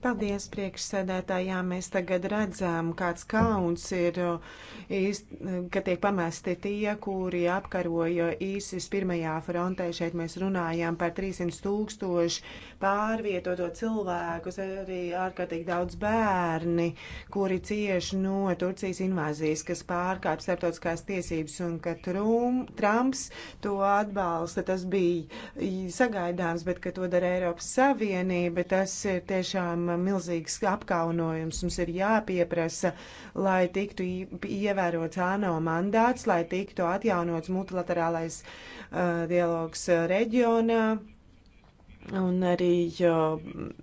Paldies, priekšsēdētāji. Jā, mēs tagad redzam, kāds kauns ir, ka tiek pamesti tie, kuri apkaroja īsis pirmajā frontē. Šeit mēs runājām par 300 tūkstošu pārvietoto cilvēkus, arī ārkārtīgi daudz bērni, kuri cieši no Turcijas invāzijas, kas pārkāpj starptautiskās tiesības un ka trum, Trumps to atbalsta. Tas bija sagaidāms, bet ka to dara Eiropas Savienība, tas ir tiešām saņem um, milzīgs apkaunojums. Mums ir jāpieprasa, lai tiktu ievērots ANO mandāts, lai tiktu atjaunots multilaterālais uh, dialogs uh, reģionā un arī. Uh,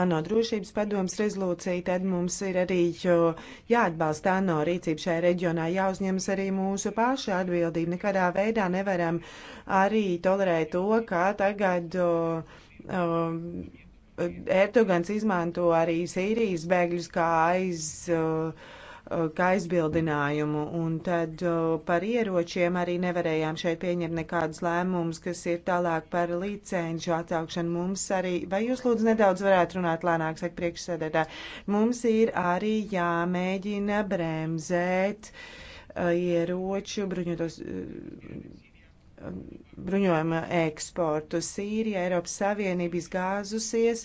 ANO drošības padomas rezolūcija, tad mums ir arī jāatbalsta ANO rīcība šajā reģionā, jāuzņemas arī mūsu paša atbildība. Nekādā veidā nevaram arī tolerēt to, kā tagad. O, o, Erdogans izmanto arī Sīrijas bēgļus kā aiz. Uh, kā aizbildinājumu, un tad eh, par ieročiem arī nevarējām šeit pieņemt nekādus lēmumus, kas ir tālāk par licenču atsaukšanu. Mums arī, vai jūs lūdzu nedaudz varētu runāt lēnāk, saka priekšsēdētā, mums ir arī jāmēģina bremzēt eh, ieroču bruņotos bruņojuma eksportu. Sīrija, Eiropas Savienība izgāzusies,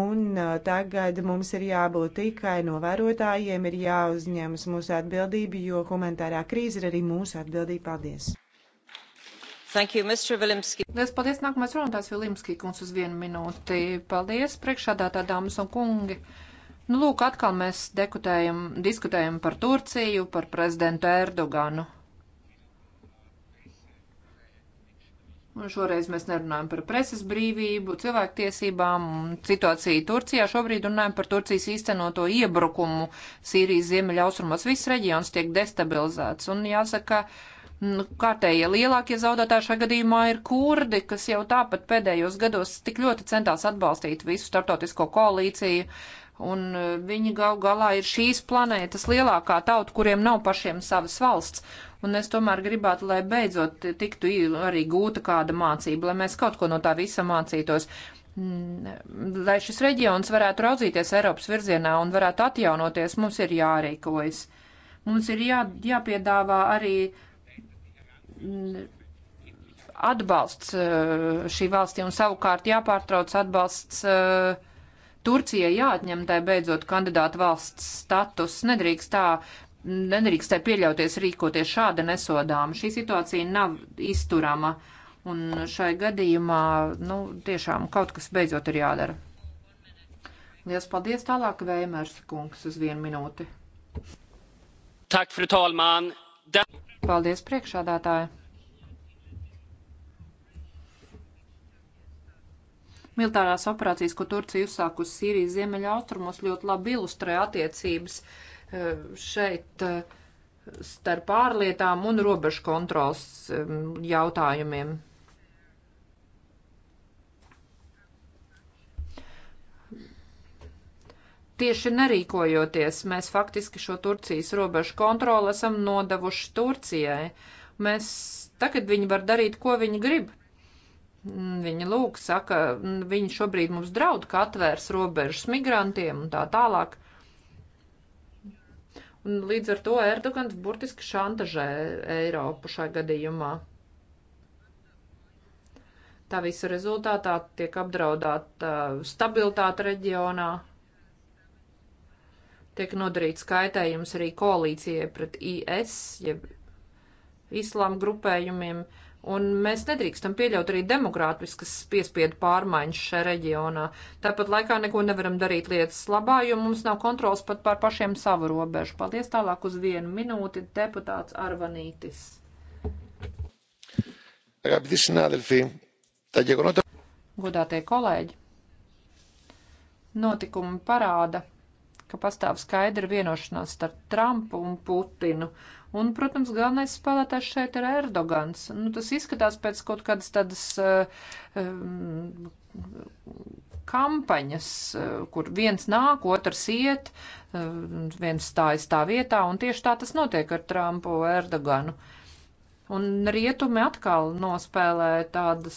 un tagad mums ir jābūt tikai novērotājiem, ir jāuzņemas mūsu atbildība, jo humanitārā krīze ir arī mūsu atbildība. Paldies! Thank you, Mr. Vilimski. Liels paldies, nākamais runātājs Vilimski, kungs uz vienu minūti. Paldies, priekšādātā dāmas un kungi. Nu, lūk, atkal mēs dekutējam, diskutējam par Turciju, par prezidentu Erdoganu. Un šoreiz mēs nerunājam par preses brīvību, cilvēktiesībām un situāciju Turcijā. Šobrīd runājam par Turcijas īstenoto iebrukumu Sīrijas ziemeļaustrumos. Viss reģions tiek destabilizēts. Un jāsaka, nu, kārtējie lielākie zaudētāji šajā gadījumā ir kurdi, kas jau tāpat pēdējos gados tik ļoti centās atbalstīt visu starptautisko koalīciju Un e, viņi gal galā ir šīs planētas lielākā tauta, kuriem nav pašiem savas valsts. Un es tomēr gribētu, lai beidzot tiktu arī gūta kāda mācība, lai mēs kaut ko no tā visa mācītos mm, lai šis reģions varētu raudzīties Eiropas virzienā un varētu atjaunoties, mums ir jārīkojas. Mums ir jā, jāpiedāvā arī mm, atbalsts e, šī valstī un savukārt jāpārtrauc atbalsts uh, Turcijai jāatņem tai beidzot kandidāta valsts status. Nedrīkst tā nedrīkstē pieļauties rīkoties šāda nesodāma. Šī situācija nav izturama, un šai gadījumā, nu, tiešām kaut kas beidzot ir jādara. Lielas paldies tālāk, Vēmērs kungs, uz vienu minūti. Tak, fru talman! Da... Paldies priekšādātāji! Militārās operācijas, ko Turcija uzsāk uz Sīrijas ziemeļa austrumos, ļoti labi ilustrē attiecības eh, šeit eh, starp ārlietām un robežu kontrols eh, jautājumiem. Tieši nerīkojoties, mēs faktiski šo Turcijas robežu kontroli esam nodevuši Turcijai. Mēs tagad viņi var darīt, ko viņi grib. Viņa lūk, saka, viņi šobrīd mums draud, ka atvērs robežas migrantiem un tā tālāk. Un līdz ar to Erdogans burtiski šantažē Eiropu šai gadījumā. Tā visa rezultātā tiek apdraudāta stabilitāte reģionā, tiek nodarīts kaitējums arī koalīcijai pret IS, jeb islām grupējumiem. Uh, Un mēs nedrīkstam pieļaut arī demokrātiskas piespiedu pārmaiņas šajā reģionā. Tāpat laikā neko nevaram darīt lietas labā, jo mums nav kontrols pat pār pašiem savu robežu. Paldies tālāk uz vienu minūti deputāts Arvanītis. Godātie kolēģi, notikumi parāda, ka pastāv skaidra vienošanās starp Trumpu un Putinu Un, protams, galvenais spēlētājs šeit ir Erdogans. Nu, tas izskatās pēc kaut kādas tādas um, kampaņas, eh, kur viens nāk, otrs iet, eh, viens stājas tā vietā, un tieši tā tas notiek ar Trumpu, Erdoganu. Un rietumi atkal nospēlē tādas,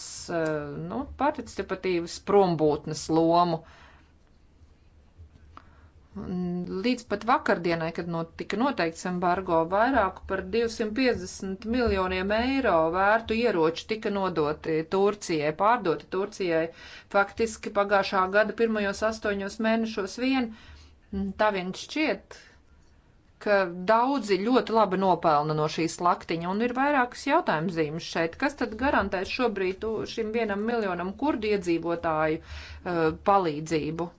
nu, participatīvas prombūtnes lomu. Uh, Līdz pat vakardienai, kad no, tika noteikts embargo, vairāk par 250 miljoniem eiro vērtu ieroču tika nodoti Turcijai, pārdoti Turcijai faktiski pagājušā gada pirmajos astoņos mēnešos vien. Tā vien šķiet, ka daudzi ļoti labi nopelna no šīs laktiņa, un ir vairākas jautājums zīmes šeit. Kas tad garantēs šobrīd šim vienam miljonam kurdu iedzīvotāju uh, palīdzību?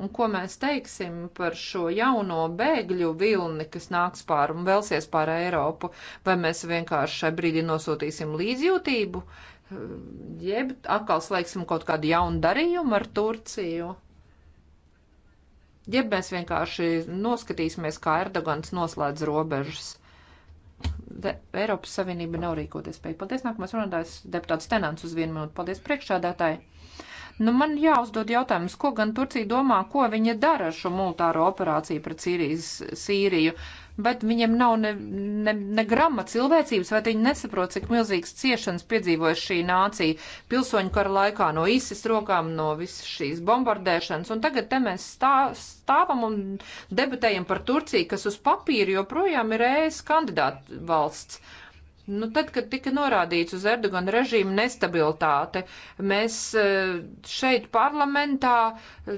Un ko mēs teiksim par šo jauno bēgļu vilni, kas nāks pāri un vēlsies pāri Eiropu? Vai mēs vienkārši šai brīdī nosūtīsim līdzjūtību, jeb atkal slēgsim kaut kādu jaunu darījumu ar Turciju? Jeb mēs vienkārši noskatīsimies, kā Erdogans noslēdz robežas. De Eiropas Savienība nav rīkoties spēja. Paldies, nākamais runātājs deputāts Tenants uz vienu minūtu. Paldies priekšādātāji. Nu, man jāuzdod jautājums, ko gan Turcija domā, ko viņa dara ar šo militāro operāciju pret Sīrijas, Sīriju, bet viņiem nav ne, ne, ne grama cilvēcības, vai viņi nesaprot, cik milzīgas ciešanas piedzīvojas šī nācija pilsoņu kara laikā no īsis rokām, no visas šīs bombardēšanas. Un tagad te mēs stā, stāvam un debatējam par Turciju, kas uz papīra joprojām ir ēs e kandidāta valsts Nu, tad, kad tika norādīts uz Erdogana režīmu nestabilitāte, mēs e, šeit parlamentā e,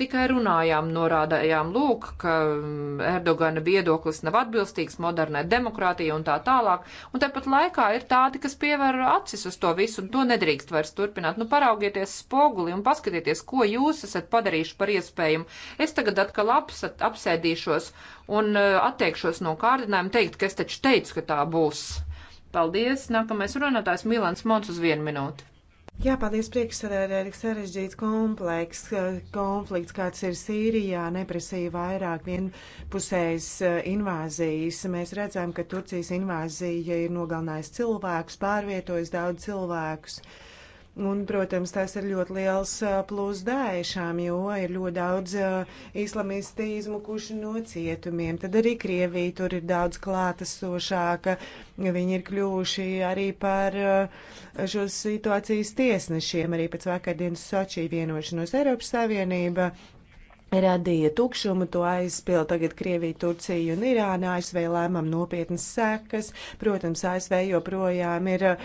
tikai runājām, norādījām, lūk, ka mm, Erdogana viedoklis nav atbilstīgs modernai demokrātijai un tā tālāk. Un tāpat laikā ir tādi, kas pievēr acis uz to visu, un to nedrīkst vairs turpināt. Nu, paraugieties spoguli un paskatieties, ko jūs esat padarījuši par iespējumu. Es tagad atkal apsat, apsēdīšos un eh, atteikšos no kārdinājuma teikt, ka es taču teicu, ka tā būs. Paldies! Nākamais runātājs Milans Mons uz vienu minūti. Jā, paldies priekšsēdētājai. Sarežģīts kompleks, eh, konflikts, kāds ir Sīrijā, neprasīja vairāk vienpusējas eh, invāzijas. Mēs redzam, ka Turcijas invāzija ir nogalinājusi cilvēkus, pārvietojusi daudz cilvēkus. Uh, Un, protams, tas ir ļoti liels plus dēšām, jo ir ļoti daudz islamisti izmukuši no cietumiem. Tad arī Krievija tur ir daudz klātesošāka. Viņi ir kļuvuši arī par šo situācijas tiesnešiem, arī pēc vakardienas Sočī vienošanos Eiropas Savienība radīja tukšumu, to aizpilda tagad Krievija, Turcija un Irāna. ASV lēmam nopietnas sekas. Protams, ASV joprojām ir eh,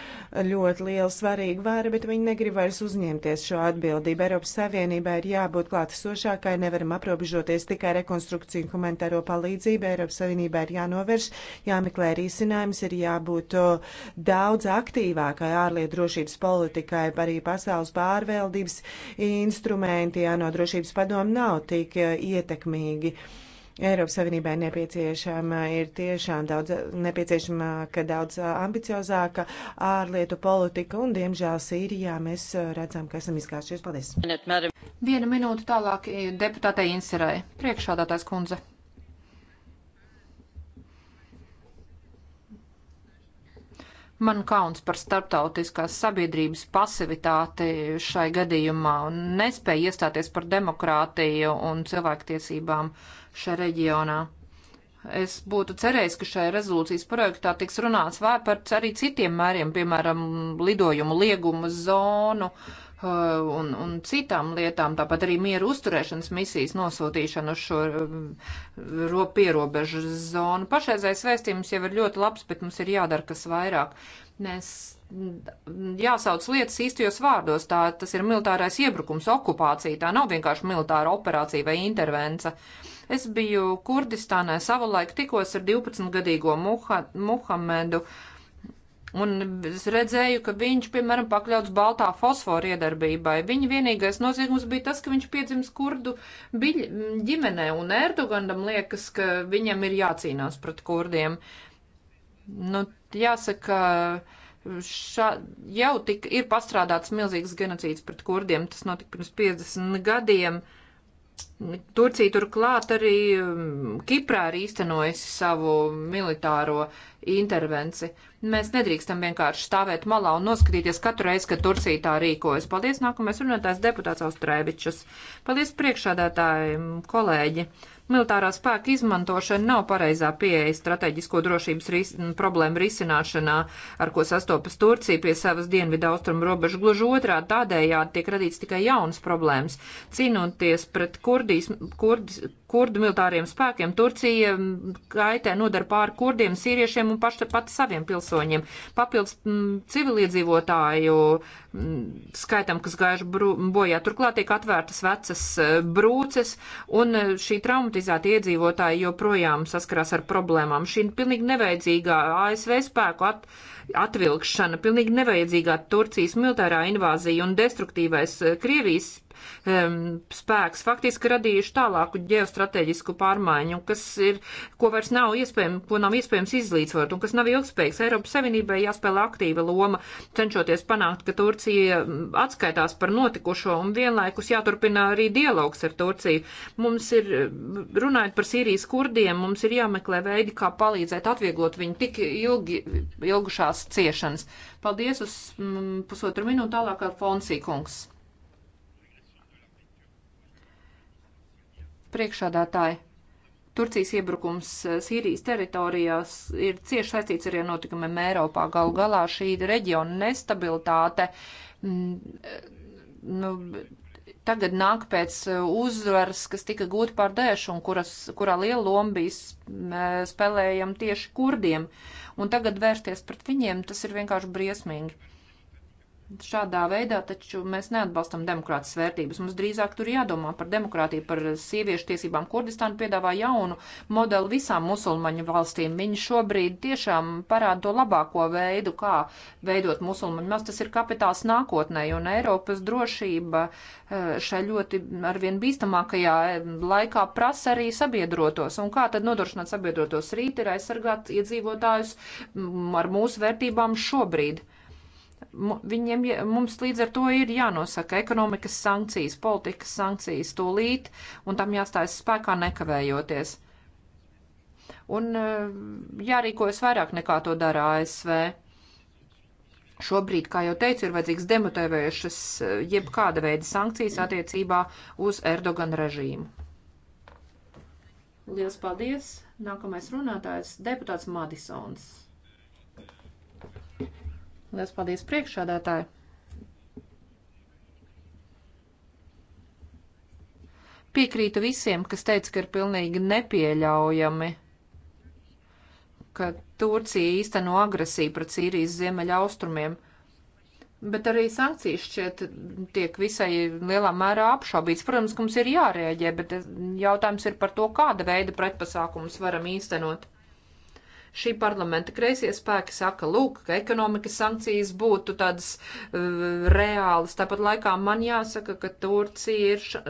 ļoti liela svarīga vara, bet viņi negrib vairs uzņemties šo atbildību. Eiropas Savienībai ir jābūt klātesošākai, nevaram aprobežoties tikai rekonstrukciju un humanitāro palīdzību. Eiropas Savienībai ir jānovērš, jāmeklē risinājums, ir jābūt eh, daudz aktīvākai ārlietu drošības politikai, arī pasaules pārvaldības instrumenti, jā, no drošības padomu nav ārkārtīgi eh, ietekmīgi. Eiropas Savienībai nepieciešama ir tiešām daudz, nepieciešamāka, daudz eh, ambiciozāka ārlietu politika, un, diemžēl, Sīrijā mēs eh, redzam, ka esam izgājušies. Paldies! Viena minūte tālāk deputātei Inserai. Priekšādātājs kundze. Man kauns par starptautiskās sabiedrības pasivitāti šai gadījumā un nespēja iestāties par demokrātiju un cilvēktiesībām šajā reģionā. Es būtu cerējis, ka šajā rezolūcijas projektā tiks runāts vēl par arī citiem mēriem, piemēram, lidojumu liegumu zonu, uh, Eh, un, un citām lietām, tāpat arī mieru uzturēšanas misijas nosūtīšanu uz šo eh, ro, pierobežu zonu. Pašreizais vēstījums jau ir ļoti labs, bet mums ir jādara kas vairāk. Mēs jāsauc lietas īstajos vārdos. Tā, tas ir militārais iebrukums, okupācija. Tā nav vienkārši militāra operācija vai intervence. Es biju Kurdistānā savulaik tikos ar 12-gadīgo Muha, Muhamedu. Uh, Un es redzēju, ka viņš, piemēram, pakļauts baltā fosfora iedarbībai. Viņa vienīgais noziegums bija tas, ka viņš piedzims kurdu ģimenē, un Erdogandam liekas, ka viņam ir jācīnās pret kurdiem. Nu, jāsaka, šā, jau tik ir pastrādāts milzīgs genocīds pret kurdiem, tas notika pirms 50 gadiem. Uh, Turcija turklāt arī um, Kiprā ir īstenojusi savu militāro intervenci. Mēs nedrīkstam vienkārši stāvēt malā un noskatīties katru reizi, kad Turcija tā rīkojas. Paldies, nākamais runātājs deputāts Austrēvičus. Paldies priekšādātājiem, kolēģi. Militārā spēka izmantošana nav pareizā pieeja strateģisko drošības ris problēmu risināšanā, ar ko sastopas Turcija pie savas dienvidu austrumu robežu. Gluži otrā tādējādi tiek radīts tikai jaunas problēmas. Cīnoties pret kurdis, kurdis, kurdu militāriem spēkiem. Turcija kaitē nodara pāri kurdiem, sīriešiem un paši pat saviem pilsoņiem. Papildus m, civiliedzīvotāju m, skaitam, kas gājuši bojā. Turklāt tiek atvērtas vecas e, brūces un e, šī traumatizēta iedzīvotāja joprojām saskarās ar problēmām. Šī pilnīgi nevajadzīgā ASV spēku atvērsība atvilkšana, pilnīgi nevajadzīgā Turcijas militārā invāzija un destruktīvais eh, Krievijas um, spēks faktiski radījuši tālāku ģeostrateģisku pārmaiņu, kas ir, ko vairs nav iespējams, ko nav iespējams izlīdzvarot un kas nav ilgspējīgs. Eiropas Savienībai jāspēlē aktīva loma, cenšoties panākt, ka Turcija atskaitās par notikušo un vienlaikus jāturpina arī dialogs ar Turciju. Mums ir, runājot par Sīrijas kurdiem, mums ir jāmeklē veidi, kā palīdzēt atvieglot viņu tik ilgi, ilgušās lielās ciešanas. Paldies uz mm, pusotru minūtu tālāk ar Fonsī kungs. Priekšādātāji. Turcijas iebrukums eh, Sīrijas teritorijās ir cieši saistīts arī ar notikumiem Eiropā. Galu galā šī reģiona nestabilitāte mm, eh, nu, tagad nāk pēc e, uzvaras, kas tika gūta pār dēšu un kuras, kurā liela loma bija spēlējama tieši kurdiem. Un tagad vērsties pret viņiem, tas ir vienkārši briesmīgi. Šādā veidā taču mēs neatbalstam demokrātas vērtības. Mums drīzāk tur jādomā par demokrātiju, par sieviešu tiesībām. Kurdistāna piedāvā jaunu modeli visām musulmaņu valstīm. Viņi šobrīd tiešām parāda to labāko veidu, kā veidot musulmaņu valsts. Tas ir kapitāls nākotnē, un Eiropas drošība eh, šai ļoti arvien bīstamākajā eh, laikā prasa arī sabiedrotos. Un kā tad nodrošināt sabiedrotos rīt ir aizsargāt iedzīvotājus mm, ar mūsu vērtībām šobrīd? Viņiem, mums līdz ar to ir jānosaka ekonomikas sankcijas, politikas sankcijas tūlīt, un tam jāstājas spēkā nekavējoties. Un eh, jārīkojas vairāk nekā to dara ASV. Šobrīd, kā jau teicu, ir vajadzīgs demotivējušas eh, jebkāda veida sankcijas attiecībā uz Erdogan režīmu. Lielas paldies! Nākamais runātājs - deputāts Madisons. Lielas paldies priekšādātāji! Piekrītu visiem, kas teica, ka ir pilnīgi nepieļaujami, ka Turcija īsteno agresiju pret Sīrijas ziemeļa austrumiem. Bet arī sankcijas šķiet tiek visai lielā mērā apšaubīts. Protams, ka mums ir jārēģē, bet jautājums ir par to, kāda veida pretpasākumus varam īstenot. Šī parlamenta kreisie spēki saka, lūk, ka ekonomikas sankcijas būtu tādas uh, reālas. Tāpat laikā man jāsaka, ka Turcija ir ša,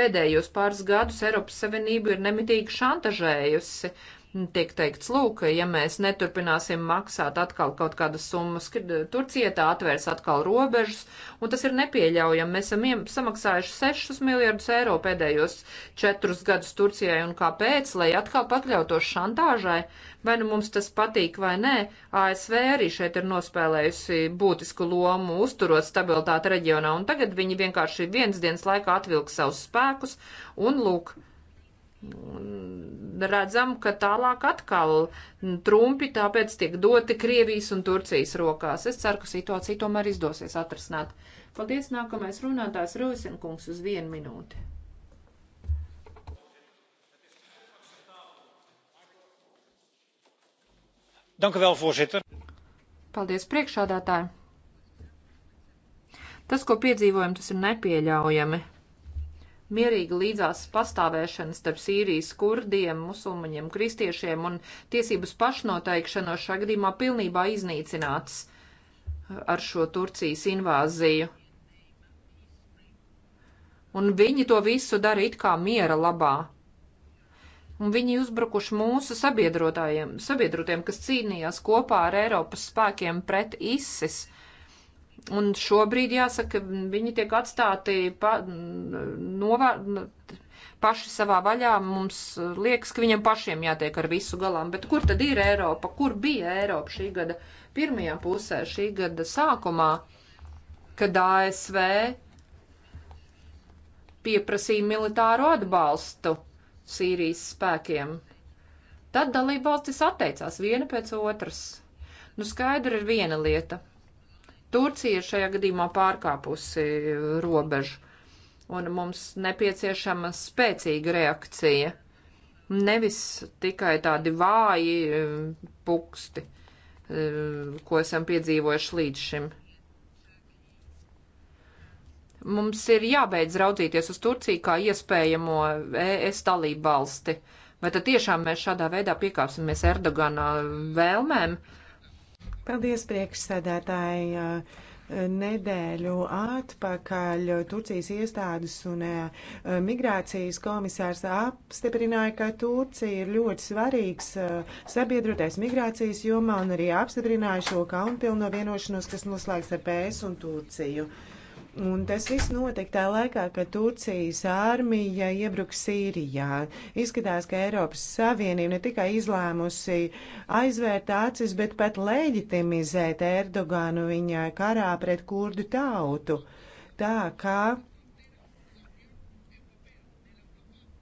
pēdējos pāris gadus Eiropas Savienību ir nemitīgi šantažējusi. Uh, Tiek teikts, lūk, ja mēs neturpināsim maksāt atkal kaut kādas summas, kad Turcija tā atvērs atkal robežas, un tas ir nepieļaujami. Mēs esam samaksājuši 6 miljardus eiro pēdējos četrus gadus Turcijai, un kāpēc, lai atkal pakļautos šantāžai, vai nu mums tas patīk vai nē, ASV arī šeit ir nospēlējusi būtisku lomu, uzturot stabilitāti reģionā, un tagad viņi vienkārši viens dienas laikā atvilks savus spēkus, un lūk, Un redzam, ka tālāk atkal trumpi tāpēc tiek doti Krievijas un Turcijas rokās. Es ceru, ka situācija tomēr izdosies atrasināt. Paldies, nākamais runātājs Rūsinkungs uz vienu minūti. Dank u wel, voorzitter. Paldies, priekšādātāji. Tas, ko piedzīvojam, tas ir nepieļaujami mierīga līdzās pastāvēšana starp Sīrijas kurdiem, musulmaņiem, kristiešiem un tiesības pašnoteikšanos šā gadījumā pilnībā iznīcināts ar šo Turcijas invāziju. Un viņi to visu dara it kā miera labā. Un viņi uzbrukuši mūsu sabiedrotājiem, sabiedrotiem, kas cīnījās kopā ar Eiropas spēkiem pret ISIS. Uh, Un šobrīd, jāsaka, viņi tiek atstāti pa, novā, paši savā vaļā. Mums liekas, ka viņiem pašiem jātiek ar visu galām. Bet kur tad ir Eiropa? Kur bija Eiropa šī gada pirmajā pusē, šī gada sākumā, kad ASV pieprasīja militāru atbalstu Sīrijas spēkiem? Tad dalībvalstis atteicās viena pēc otras. Nu, skaidra ir viena lieta Turcija ir šajā gadījumā pārkāpusi robežu, un mums nepieciešama spēcīga reakcija, nevis tikai tādi vāji eh, puksti, eh, ko esam piedzīvojuši līdz šim. Mums ir jābeidz raudzīties uz Turciju kā iespējamo ES dalību valsti. Vai tad tiešām mēs šādā veidā piekāpsimies Erdogana vēlmēm? Uh, Paldies, priekšsēdētāji! Eh, nedēļu atpakaļ Turcijas iestādes un eh, migrācijas komisārs apstiprināja, ka Turcija ir ļoti svarīgs eh, sabiedrotais migrācijas jomā un arī apstiprināja šo kaunpilno vienošanos, kas noslēgs ar PS un Turciju. Uh, Un tas viss notika tā laikā, kad Turcijas armija iebruka Sīrijā. Izskatās, ka Eiropas Savienība ne tikai izlēmusi aizvērt acis, bet pat leģitimizēt Erdoganu viņa karā pret kurdu tautu. Tā kā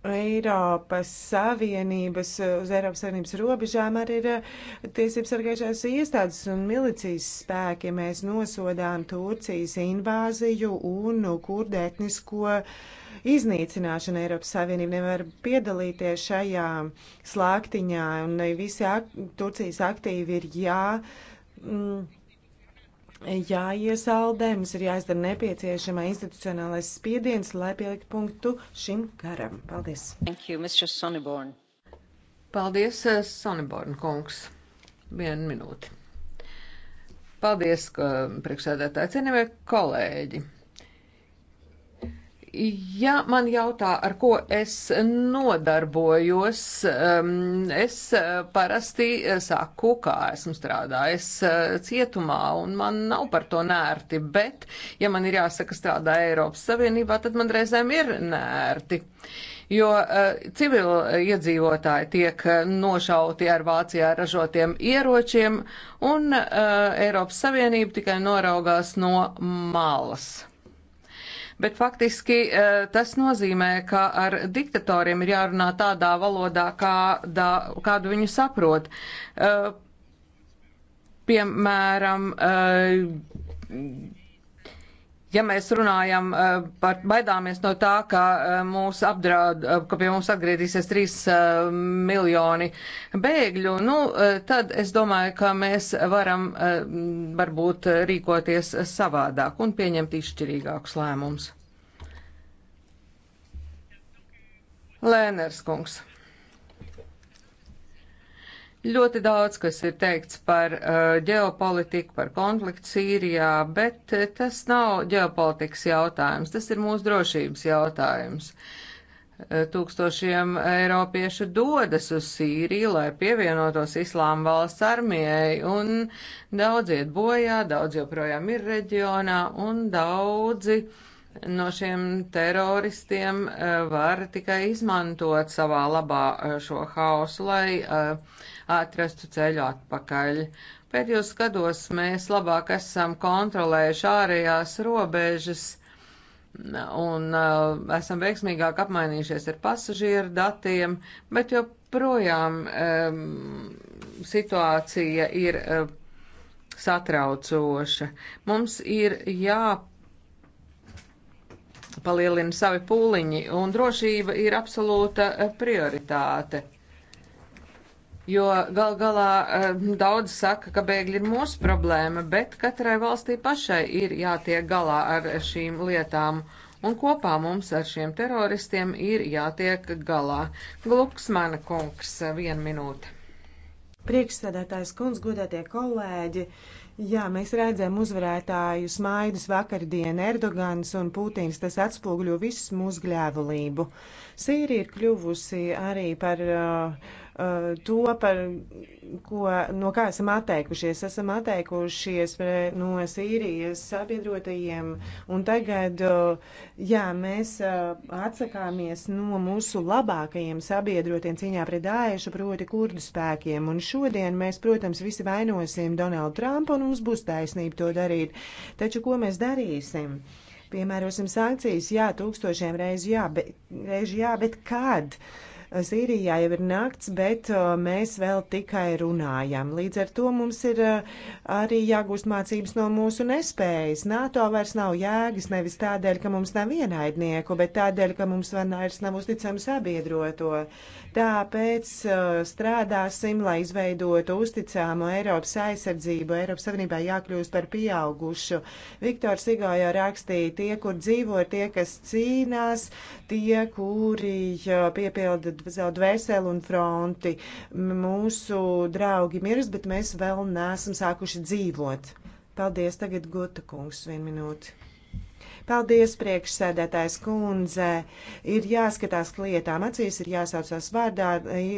Eiropas Savienības, uz Eiropas Savienības robežām arī ir uh, tiesības sargājušās iestādes un milicijas spēki. Mēs nosodām Turcijas invāziju un kurdu etnisko iznīcināšanu. Eiropas Savienība nevar piedalīties šajā slāktiņā un visi ak Turcijas aktīvi ir jā. Mm, jāiesaldē, mums ir jāizdara nepieciešamā institucionālais spiediens, lai pielikt punktu šim garam. Paldies! Thank you, Mr. Soniborn. Paldies, eh, Soniborn kungs. Vienu minūti. Paldies, priekšsēdētāji, cienījamie kolēģi! ja man jautā, ar ko es nodarbojos, um, es uh, parasti uh, saku, kā esmu strādājis uh, cietumā, un man nav par to nērti, bet, ja man ir jāsaka strādā Eiropas Savienībā, tad man reizēm ir nērti. Jo civili iedzīvotāji tiek nošauti ar Vācijā ražotiem ieročiem, un Eiropas Savienība tikai noraugās no malas bet faktiski e, tas nozīmē, ka ar diktatoriem ir jārunā tādā valodā, kādā, kādu viņi saprot. E, piemēram, e, ja mēs runājam eh, par baidāmies no tā, ka eh, mūs apdraud, eh, ka pie mums atgriezīsies 3 miljoni bēgļu, nu, tad es domāju, ka mēs varam varbūt rīkoties savādāk un pieņemt izšķirīgākus lēmumus. Lēners kungs. Ļoti daudz, kas ir teikts par uh, ģeopolitiku, par konfliktu Sīrijā, bet uh, tas nav ģeopolitikas jautājums, tas ir mūsu drošības jautājums. Uh, tūkstošiem eiropiešu dodas uz Sīriju, lai pievienotos Islāma valsts armijai, un daudz iet bojā, daudz joprojām ir reģionā, un daudzi no šiem teroristiem uh, var tikai izmantot savā labā šo hausu, lai uh, atrastu ceļu atpakaļ. Pēdējos gados mēs labāk esam kontrolējuši ārējās robežas un uh, esam veiksmīgāk apmainījušies ar pasažieru datiem, bet joprojām um, situācija ir uh, satraucoša. Mums ir jāpalielina savi pūliņi, un drošība ir absolūta uh, prioritāte jo gal galā eh, daudz saka, ka bēgļi ir mūsu problēma, bet katrai valstī pašai ir jātiek galā ar šīm lietām. Un kopā mums ar šiem teroristiem ir jātiek galā. Gluksmana kungs, viena minūte. Priekšsēdētājs kungs, godētie kolēģi, jā, mēs redzam uzvarētāju smaidus vakardien Erdogans un Putins, tas atspūgļo visu mūsu gļēvulību. Uh, Sīrija ir kļuvusi arī par uh, uh, to, par ko, no kā esam atteikušies. Esam atteikušies no Sīrijas sabiedrotajiem, un tagad, uh, jā, mēs uh, atsakāmies no mūsu labākajiem sabiedrotiem cīņā pret Dāiešu, proti kurdu spēkiem. Un šodien mēs, protams, visi vainosim Donaldu Trumpu, un mums būs taisnība to darīt. Taču ko mēs darīsim? Piemērosim sankcijas, jā, tūkstošiem reizi jā, bet, reizi jā, bet kad? Uh, Sīrijā jau ir nakts, bet uh, mēs vēl tikai runājam. Līdz ar to mums ir uh, arī jāgūst mācības no mūsu nespējas. NATO vairs nav jēgas nevis tādēļ, ka mums nav vienaidnieku, bet tādēļ, ka mums vairs nav uzticama sabiedroto. Tāpēc uh, strādāsim, lai izveidotu uzticāmu Eiropas aizsardzību. Eiropas Savienībā jākļūst par pieaugušu. Viktors Igo jau rakstīja, tie, kur dzīvo, ir tie, kas cīnās, tie, kuri piepilda savu dvēseli un fronti. Mūsu draugi mirs, bet mēs vēl neesam sākuši dzīvot. Paldies tagad Gota kungs, vienu minūti. Paldies, priekšsēdētājs kundze. Ir jāskatās lietām acīs, ir jāsaucās vārdā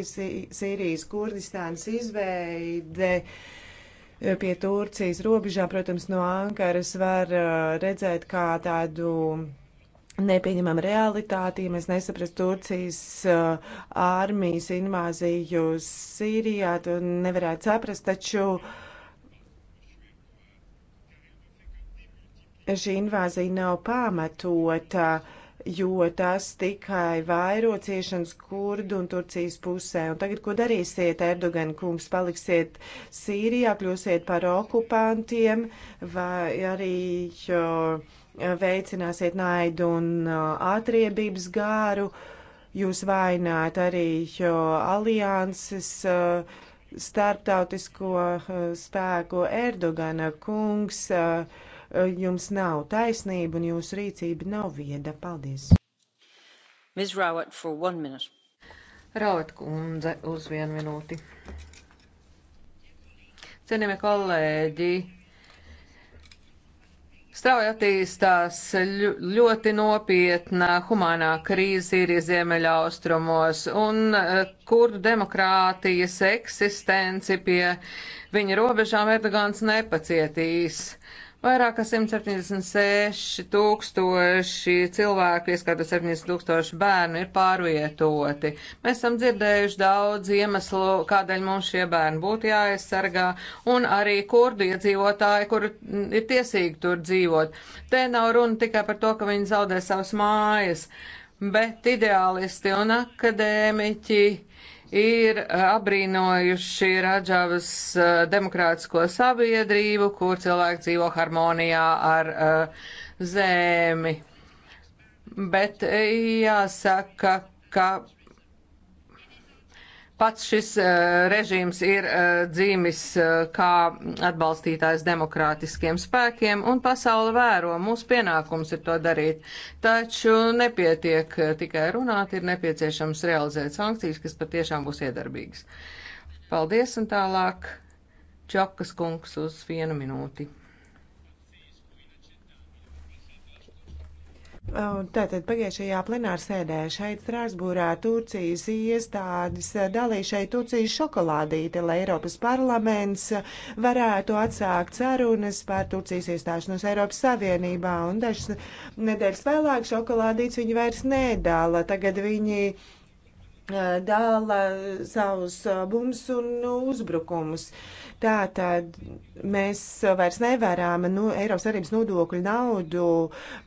Sīrijas Kurdistānas izveide. Pie Turcijas robežā, protams, no Ankaras var uh, redzēt kā tādu nepieņemama realitāte, ja mēs nesaprast Turcijas uh, armijas invāziju Sīrijā, to nevarētu saprast, taču šī invāzija nav pamatota, jo tas tikai vairo ciešanas kurdu un Turcijas pusē. Un tagad, ko darīsiet, Erdogan kungs, paliksiet Sīrijā, kļūsiet par okupantiem vai arī. Uh, veicināsiet naidu un atriebības gāru, jūs vainājat arī alianses starptautisko spēku Erdogana kungs. Jums nav taisnība un jūsu rīcība nav vieda. Paldies! Ms. Rowett for one minute. Rowett kundze uz vienu minūti. Cienījamie kolēģi, Strauji attīstās ļoti nopietna humanā krīze ir ziemeļa austrumos, un eh, kurdu demokrātijas eksistenci pie viņa robežām Erdogans nepacietīs. Vairāk kā 176 tūkstoši cilvēku, ieskaitot 70 tūkstoši bērnu, ir pārvietoti. Mēs esam dzirdējuši daudz iemeslu, kādēļ mums šie bērni būtu jāaizsargā, un arī kurdu iedzīvotāji, kuri ir tiesīgi tur dzīvot. Te nav runa tikai par to, ka viņi zaudē savas mājas, bet ideālisti un akadēmiķi ir apbrīnojuši Radžavas eh, demokrātisko sabiedrību, kur cilvēki dzīvo harmonijā ar uh, zemi. Bet eh, jāsaka, ka Pats šis eh, režīms ir eh, dzīmis eh, kā atbalstītājs demokrātiskiem spēkiem, un pasauli vēro. Mūsu pienākums ir to darīt. Taču nepietiek tikai runāt, ir nepieciešams realizēt sankcijas, kas patiešām būs iedarbīgas. Paldies, un tālāk Čakas kungs uz vienu minūti. Tātad pagājušajā plenāra sēdē šeit Strāsbūrā Turcijas iestādes dalīja šeit Turcijas šokolādīti, lai Eiropas parlaments varētu atsākt sarunas par Turcijas iestāšanos Eiropas Savienībā. Un dažas nedēļas vēlāk šokolādīts viņi vairs nedala. Tagad viņi dala savus uh, bumbas un uh, uzbrukumus. Tātad mēs vairs nevaram nu, Eiropas Savienības nodokļu naudu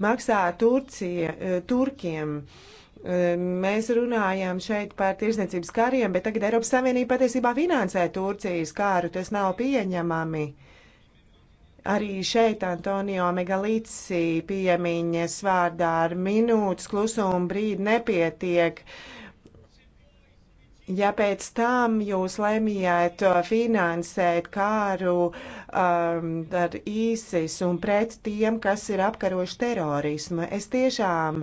maksāt Turcija, uh, Turkiem. Mēs runājām šeit par tirsniecības kariem, bet tagad Eiropas Savienība patiesībā finansē Turcijas kāru. Tas nav pieņemami. Arī šeit Antonio Megalici piemiņas vārdā ar minūtes klusumu brīdi nepietiek. Uh, Ja pēc tam jūs lemjāt uh, finansēt kāru um, ar ISIS un pret tiem, kas ir apkarojuši terorismu, es tiešām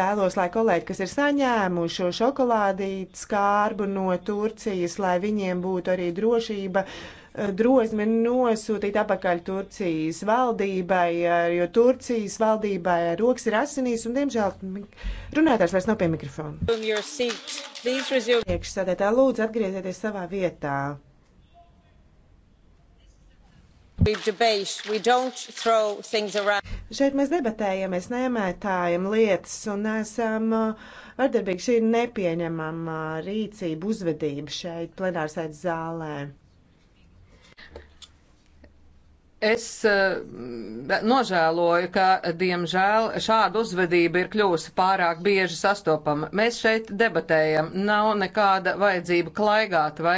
vēlos, lai kolēģi, kas ir saņēmuši šo šokolādītas kārbu no Turcijas, lai viņiem būtu arī drošība uh, Eh, drosmi nosūtīt apakaļ Turcijas valdībai, eh, jo Turcijas valdībai rokas ir asinīs un, diemžēl, runātājs vairs nav pie mikrofona. Priekšsēdētā lūdzu atgriezieties savā vietā. Šeit mēs debatējam, mēs nemētājam lietas un esam eh, vardarbīgi. Šī ir nepieņemama rīcība, uzvedība šeit plenārsēdz zālē. Es eh, nožēloju, ka, diemžēl, šāda uzvedība ir kļuvusi pārāk bieži sastopama. Mēs šeit debatējam, nav nekāda vajadzība klaigāt vai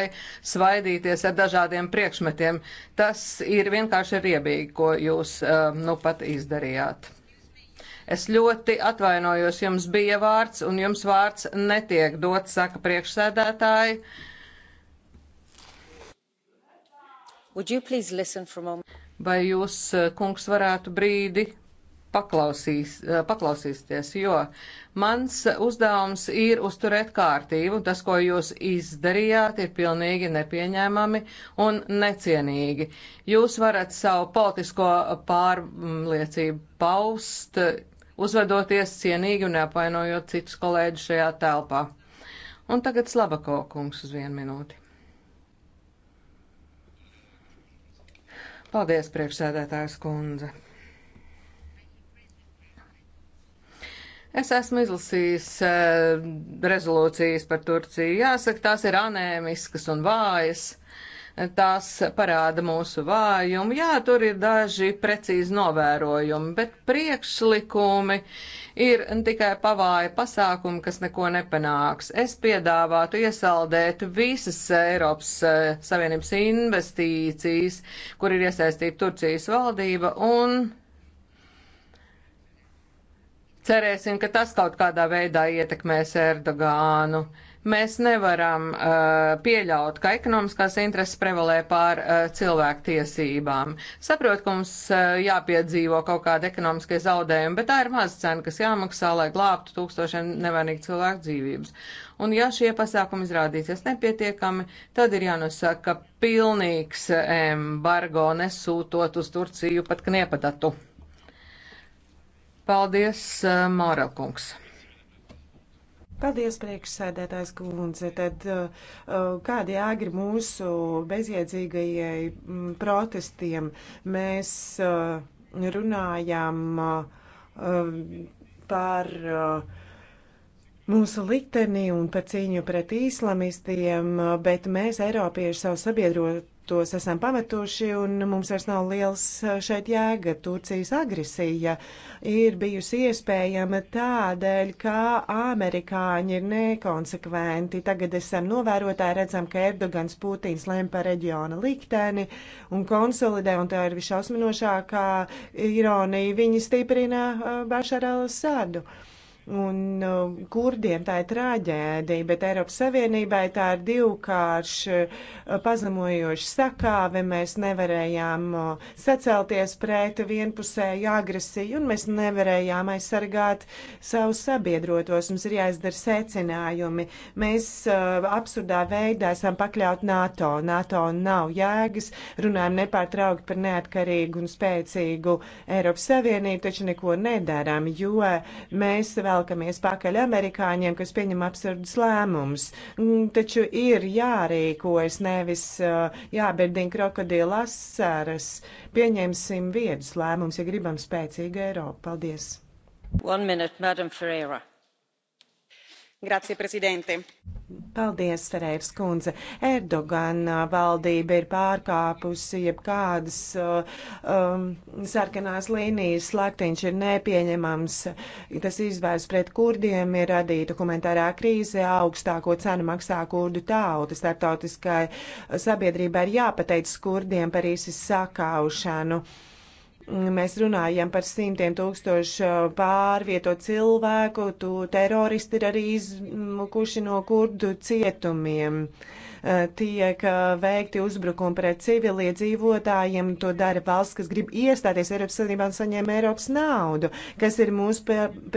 svaidīties ar dažādiem priekšmetiem. Tas ir vienkārši riebīgi, ko jūs eh, nu pat izdarījāt. Es ļoti atvainojos, jums bija vārds, un jums vārds netiek dots, saka priekšsēdētāji. Would you please listen for a moment? Vai jūs, eh, kungs, varētu brīdi paklausīs, eh, paklausīsties, jo mans uzdevums ir uzturēt kārtību, un tas, ko jūs izdarījāt, ir pilnīgi nepieņēmami un necienīgi. Jūs varat savu politisko pārliecību paust, uzvedoties cienīgi un neapvainojot citus kolēģus šajā telpā. Un tagad Slabako kungs uz vienu minūti. Paldies, priekšsēdētājs kundze. Es esmu izlasījis eh, rezolūcijas par Turciju. Jāsaka, tās ir anēmiskas un vājas. Tās parāda mūsu vājumu. Jā, tur ir daži precīzi novērojumi, bet priekšlikumi ir tikai pavāja pasākumi, kas neko nepanāks. Es piedāvātu iesaldēt visas Eiropas eh, Savienības investīcijas, kur ir iesaistīta Turcijas valdība un Cerēsim, ka tas kaut kādā veidā ietekmēs Erdogānu. Mēs nevaram uh, pieļaut, ka ekonomiskās intereses prevalē pār uh, cilvēktiesībām. Saprot, ka mums uh, jāpiedzīvo kaut kāda ekonomiskie zaudējumi, bet tā ir maza cena, kas jāmaksā, lai glābtu tūkstošiem nevainīgu cilvēku dzīvības. Un ja šie pasākumi izrādīsies nepietiekami, tad ir jānosaka pilnīgs embargo nesūtot uz Turciju pat kniepatatu. Paldies, uh, Mārakungs! Paldies, priekšsēdētājs kundze. Tad uh, uh, kādi āgri mūsu bezjēdzīgajai mm, protestiem mēs runājām par mūsu likteni un par cīņu pret īslamistiem, bet mēs, Eiropieši, savu sabiedrotu tos esam pametuši un mums vairs nav liels eh, šeit jēga. Turcijas agresija ir bijusi iespējama tādēļ, ka amerikāņi ir nekonsekventi. Tagad esam novērotāji, redzam, ka Erdogans Putins lem par reģiona likteni un konsolidē, un tā ir visšausminošākā ironija, viņi stiprina eh, Bašarā Sādu. Uh, un uh, kurdiem tā ir traģēdija, bet Eiropas Savienībai tā ir divkārši uh, eh, pazemojoši sakāve. Mēs nevarējām uh, sacelties pret vienpusēju agresiju, un mēs nevarējām aizsargāt savus sabiedrotos. Mums ir jāizdara secinājumi. Mēs uh, absurdā veidā esam pakļaut NATO. NATO nav jēgas, runājam nepārtraukti par neatkarīgu un spēcīgu Eiropas Savienību, taču neko nedarām, jo eh, mēs vēl velkamies pakaļ amerikāņiem, kas pieņem absurdus lēmumus. Mm, taču ir jārīkojas, nevis uh, jābirdina krokodila asaras. Pieņemsim viedus lēmumus, ja gribam spēcīgu Eiropu. Paldies! One minute, Madam Ferreira. Grazie, prezidente. Paldies, Sarēvs kundze. Erdogana uh, valdība ir pārkāpusi jebkādas uh, um, sarkanās līnijas. Slaktiņš ir nepieņemams. Tas izvērs pret kurdiem ir radīta humanitārā krīze. Augstāko cenu maksā kurdu tauta. Startautiskai sabiedrībai ir jāpateic kurdiem par īsi sakaušanu. Uh, Mēs runājam par simtiem tūkstošu uh, pārvieto cilvēku, tu teroristi ir arī izmukuši no kurdu cietumiem. Uh, tiek uh, veikti uzbrukumi pret civiliedzīvotājiem. To dara valsts, kas grib iestāties Eiropas Savienībā un saņem Eiropas naudu, kas ir mūsu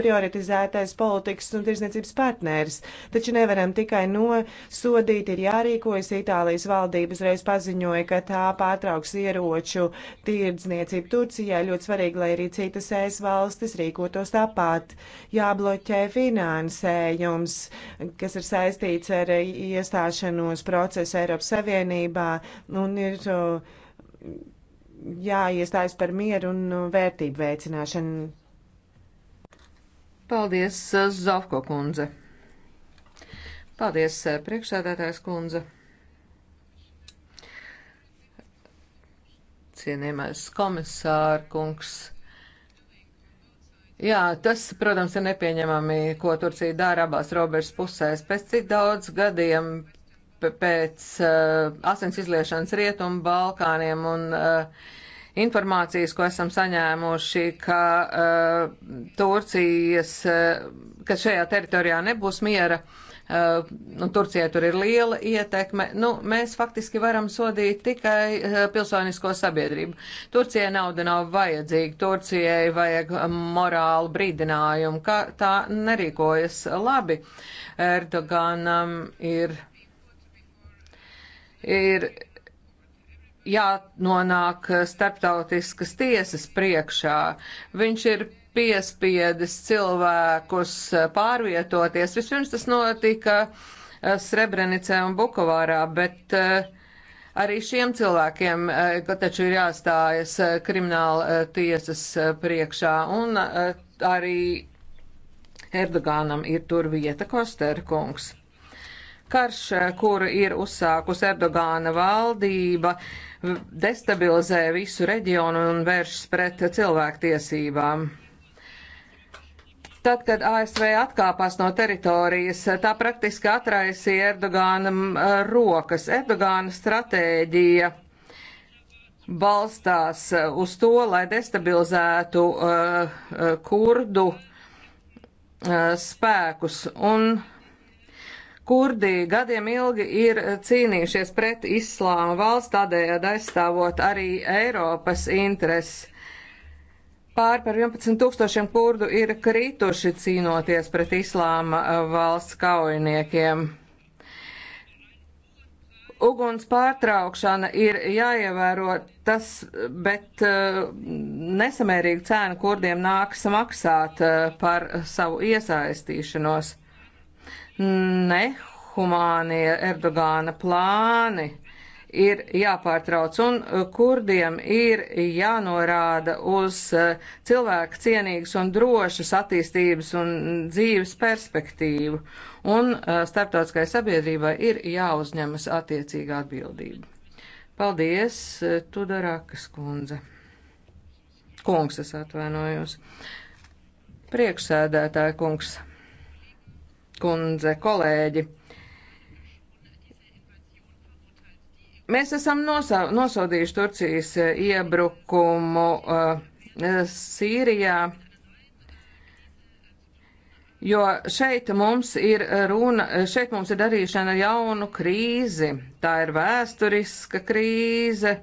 prioritizētais politikas un tirzniecības partneris. Taču nevaram tikai nosodīt, ir jārīkojas. Itālijas valdība uzreiz paziņoja, ka tā pārtrauks ieroču tirdzniecību Turcijai. Ļoti svarīgi, lai arī citas ES valstis rīkotos tāpat. Jābloķē finansējums, kas ir saistīts ar iestāšanos procesu procesu Eiropas Savienībā un ir jāiestājas par mieru un vērtību veicināšanu. Paldies, eh, Zafko kundze. Paldies, eh, priekšsēdētājs kundze. Cienījamais komisāra kungs. Jā, tas, protams, ir nepieņemami, ko Turcija dara abās robežas pusēs. Pēc cik daudz gadiem pēc uh, asins izliešanas rietumu Balkāniem un uh, informācijas, ko esam saņēmuši, ka uh, Turcijas, uh, ka šajā teritorijā nebūs miera, uh, un Turcijai tur ir liela ietekme, nu, mēs faktiski varam sodīt tikai uh, pilsonisko sabiedrību. Turcijai nauda nav vajadzīga, Turcijai vajag morālu brīdinājumu, ka tā nerīkojas labi. Erdoganam ir ir jānonāk starptautiskas tiesas priekšā. Viņš ir piespiedis cilvēkus pārvietoties. Vispirms tas notika eh, Srebrenicē un Bukovārā, bet eh, arī šiem cilvēkiem eh, taču ir jāstājas krimināla tiesas priekšā. Un arī Erdoganam ir tur vieta Kosterkungs. Karš, kuru ir uzsākusi Erdogāna valdība, destabilizē visu reģionu un vēršas pret cilvēktiesībām. Tad, kad ASV atkāpās no teritorijas, tā praktiski atraisīja Erdogānam rokas. Erdogāna stratēģija balstās e, uz to, lai destabilizētu uh, kurdu uh, spēkus un Kurdi gadiem ilgi ir eh, cīnījušies pret islāma valsts, tādējādi aizstāvot arī Eiropas intereses. Pāri par 11 tūkstošiem kurdu ir krituši cīnoties pret islāma eh, valsts kaujiniekiem. Uguns pārtraukšana ir jāievēro tas, bet uh, eh, nesamērīgu cēnu kurdiem nāks maksāt uh, par savu iesaistīšanos nehumānie Erdogāna plāni ir jāpārtrauc un uh, kurdiem ir jānorāda uz uh, cilvēku cienīgas un drošas attīstības un dzīves perspektīvu. Un uh, starptautiskai sabiedrībai ir jāuzņemas attiecīga atbildība. Paldies, Tudarakas kundze. Kungs, es atvainojos. Priekšsēdētāja kungs kundze, kolēģi. Mēs esam nosodījuši Turcijas eh, iebrukumu uh, Sīrijā, jo šeit mums ir runa, šeit mums ir darīšana jaunu krīzi. Tā ir vēsturiska krīze,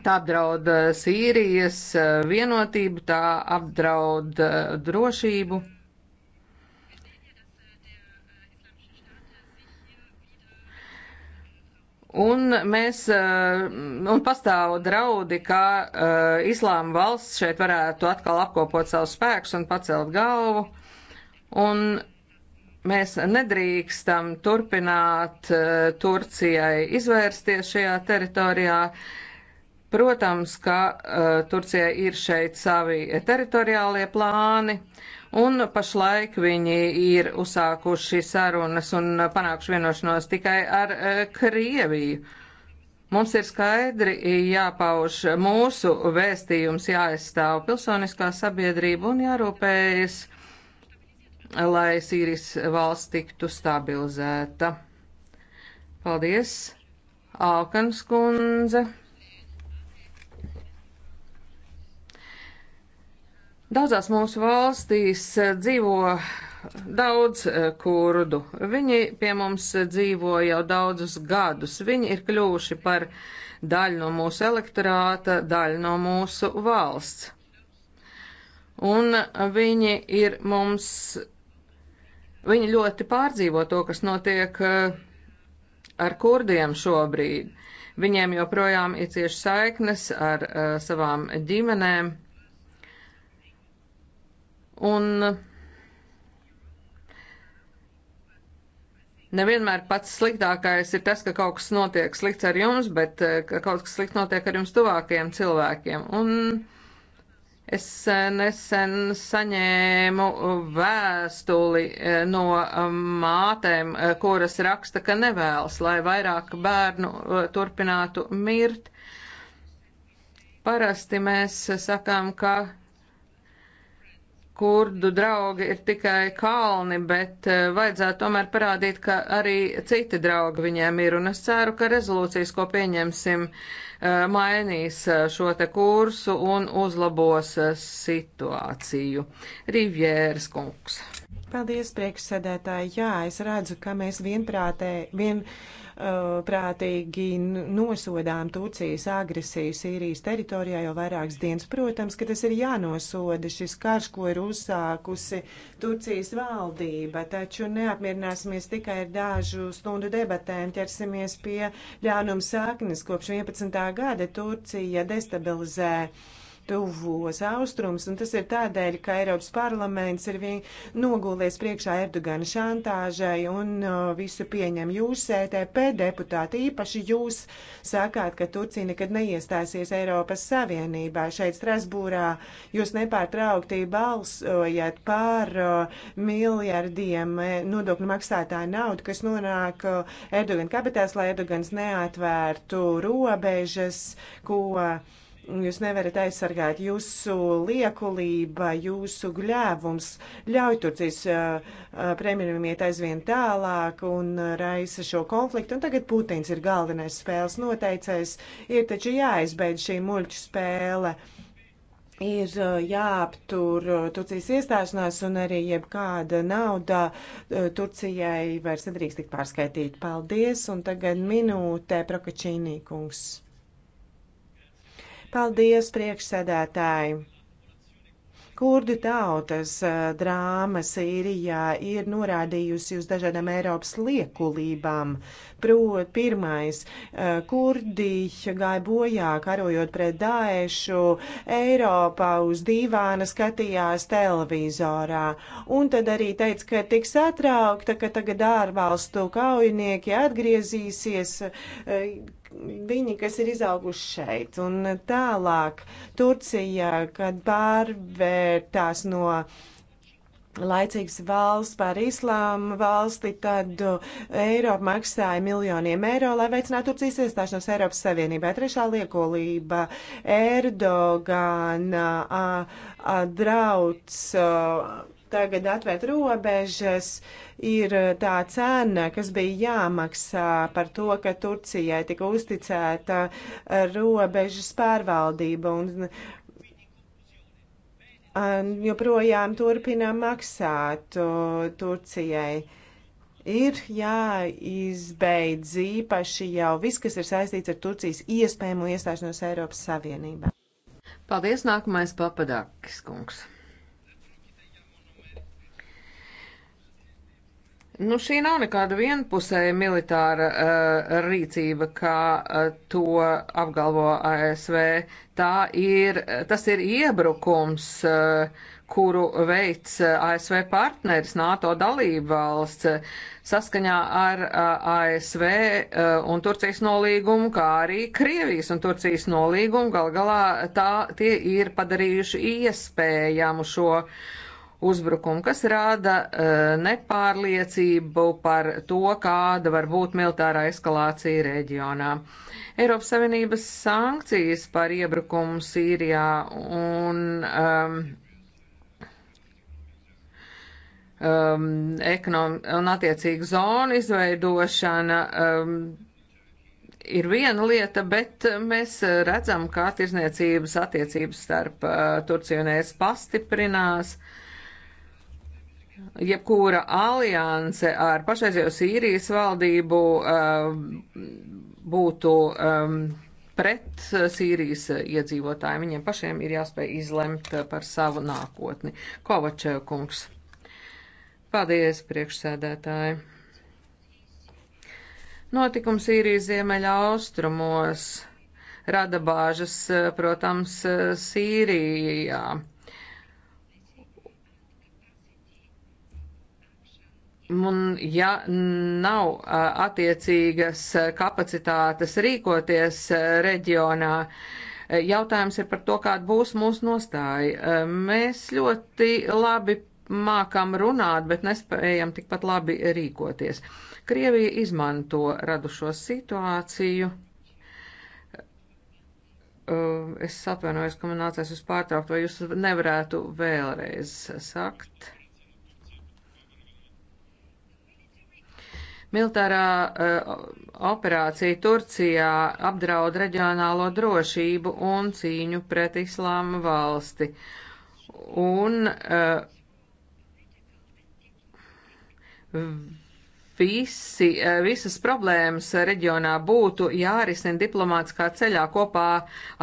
tā apdraud eh, Sīrijas vienotību, tā apdraud drošību. Un mēs, eh, un pastāv draudi, ka uh, islāma valsts šeit varētu atkal apkopot savus spēkus un pacelt galvu. Un mēs nedrīkstam turpināt uh, Turcijai izvērsties šajā teritorijā. Protams, ka uh, Turcijai ir šeit savi teritoriālie plāni un pašlaik viņi ir uzsākuši sarunas un panākuši vienošanos tikai ar e, Krieviju. Mums ir skaidri jāpauž mūsu vēstījums, jāaizstāv pilsoniskā sabiedrība un jārūpējas, lai Sīrijas valsts tiktu stabilizēta. Paldies, Alkans kundze! Daudzās mūsu valstīs eh, dzīvo daudz eh, kurdu. Viņi pie mums eh, dzīvo jau daudzus gadus. Viņi ir kļuvuši par daļu no mūsu elektorāta, daļu no mūsu valsts. Un viņi ir mums, viņi ļoti pārdzīvo to, kas notiek ar kurdiem šobrīd. Viņiem joprojām ir cieši saiknes ar uh, savām ģimenēm Un nevienmēr pats sliktākais ir tas, ka kaut kas notiek slikts ar jums, bet eh, ka kaut kas slikts notiek ar jums tuvākajiem cilvēkiem. Un es eh, nesen saņēmu eh, vēstuli no mātēm, kuras raksta, ka nevēlas, lai vairāk bērnu turpinātu mirt. Parasti mēs sakām, ka kurdu draugi ir tikai kalni, bet eh, vajadzētu tomēr parādīt, ka arī citi draugi viņiem ir. Un es ceru, ka rezolūcijas, ko pieņemsim, eh, mainīs eh, šo te kursu un uzlabos situāciju. Rivjēras kungs. Paldies, priekšsēdētāji. Jā, es redzu, ka mēs vienprātē, vien. Prātē, vien prātīgi nosodām Turcijas agresiju Sīrijas teritorijā jau vairākas dienas. Protams, ka tas ir jānosoda šis karš, ko ir uzsākusi Turcijas valdība, taču neapmierināsimies tikai ar dažu stundu debatēm, ķersimies pie ļaunuma sāknes. Kopš 11. gada Turcija destabilizē tuvos austrums, un tas ir tādēļ, ka Eiropas parlaments ir vien nogulēs priekšā Erdogana šantāžai un uh, visu pieņem. Jūs, ETP deputāti, īpaši jūs sakāt, ka Turcija nekad neiestāsies Eiropas Savienībā. Šeit Strasbūrā jūs nepārtraukti balsojat par uh, miljardiem e, nodokļu maksātāju naudu, kas nonāk uh, Erdogana kapitāls, lai Erdogans neatvērtu robežas, ko uh, Jūs nevarat aizsargāt jūsu liekulība, jūsu gļēvums, ļauj Turcijas premjeram iet aizvien tālāk un raisa šo konfliktu. Un tagad Putins ir galvenais spēles noteicējs. Ir taču jāizbeidz šī muļķu spēle. Ir jāaptur Turcijas iestāšanās un arī jebkāda nauda Turcijai vairs nedrīkst tik pārskaitīt. Paldies, un tagad minūte Prokačīnī kungs. Paldies, priekšsēdētāji! Kurdu tautas drāma Sīrijā ir norādījusi uz dažādām Eiropas liekulībām. Prot, pirmais, kurdi gāja bojā, karojot pret Daešu, Eiropā uz divāna skatījās televizorā. Un tad arī teica, ka tiks atraukta, ka tagad ārvalstu kaujinieki atgriezīsies viņi, kas ir izauguši šeit. Un tālāk Turcija, kad pārvērtās no laicīgas valsts par islāma valsti, tad Eiropa maksāja miljoniem eiro, lai veicinātu Turcijas iestāšanos Eiropas Savienībā. Trešā liekolība Erdogana a, a, drauds. A, tagad atvērt robežas, ir eh, tā cena, kas bija jāmaksā par to, ka Turcijai tika uzticēta eh, robežas pārvaldība un, un joprojām turpina maksāt Turcijai. Ir jāizbeidz īpaši jau viss, kas ir saistīts ar Turcijas iespējamo iestāšanos Eiropas Savienībā. Paldies, nākamais papadākis kungs. Nu, šī nav nekāda vienpusēja militāra uh, rīcība, kā uh, to apgalvo ASV. Tā ir, tas ir iebrukums, uh, kuru veids ASV partneris, NATO dalība valsts, saskaņā ar uh, ASV uh, un Turcijas nolīgumu, kā arī Krievijas un Turcijas nolīgumu. Gal galā tā, tie ir padarījuši iespējamu šo. Uh, uzbrukumu, kas rāda e, nepārliecību par to, kāda var būt militārā eskalācija reģionā. Eiropas Savienības sankcijas par iebrukumu Sīrijā un um, um, ekonom un attiecīgu zonu izveidošana um, ir viena lieta, bet mēs redzam, kā tirzniecības attiecības starp uh, Turciju un ES pastiprinās. Uh, jebkura alianse ar pašreizējo Sīrijas valdību eh, būtu ehm, pret Sīrijas iedzīvotājiem. Viņiem pašiem ir jāspēj izlemt par savu nākotni. Kovačev kungs. Paldies, priekšsēdētāji. Notikums Sīrijas ziemeļa austrumos rada bāžas, eh, protams, Sīrijā Un ja nav attiecīgas kapacitātes rīkoties reģionā, jautājums ir par to, kāda būs mūsu nostāja. Mēs ļoti labi mākam runāt, bet nespējam tikpat labi rīkoties. Krievija izmanto radušo situāciju. Es atvainojos, ka man nācās jūs pārtraukt, vai jūs nevarētu vēlreiz sakt? Militārā uh, operācija Turcijā apdraud reģionālo drošību un cīņu pret islāma valsti. Un uh, visi, uh, visas problēmas reģionā būtu jārisina diplomātiskā ceļā kopā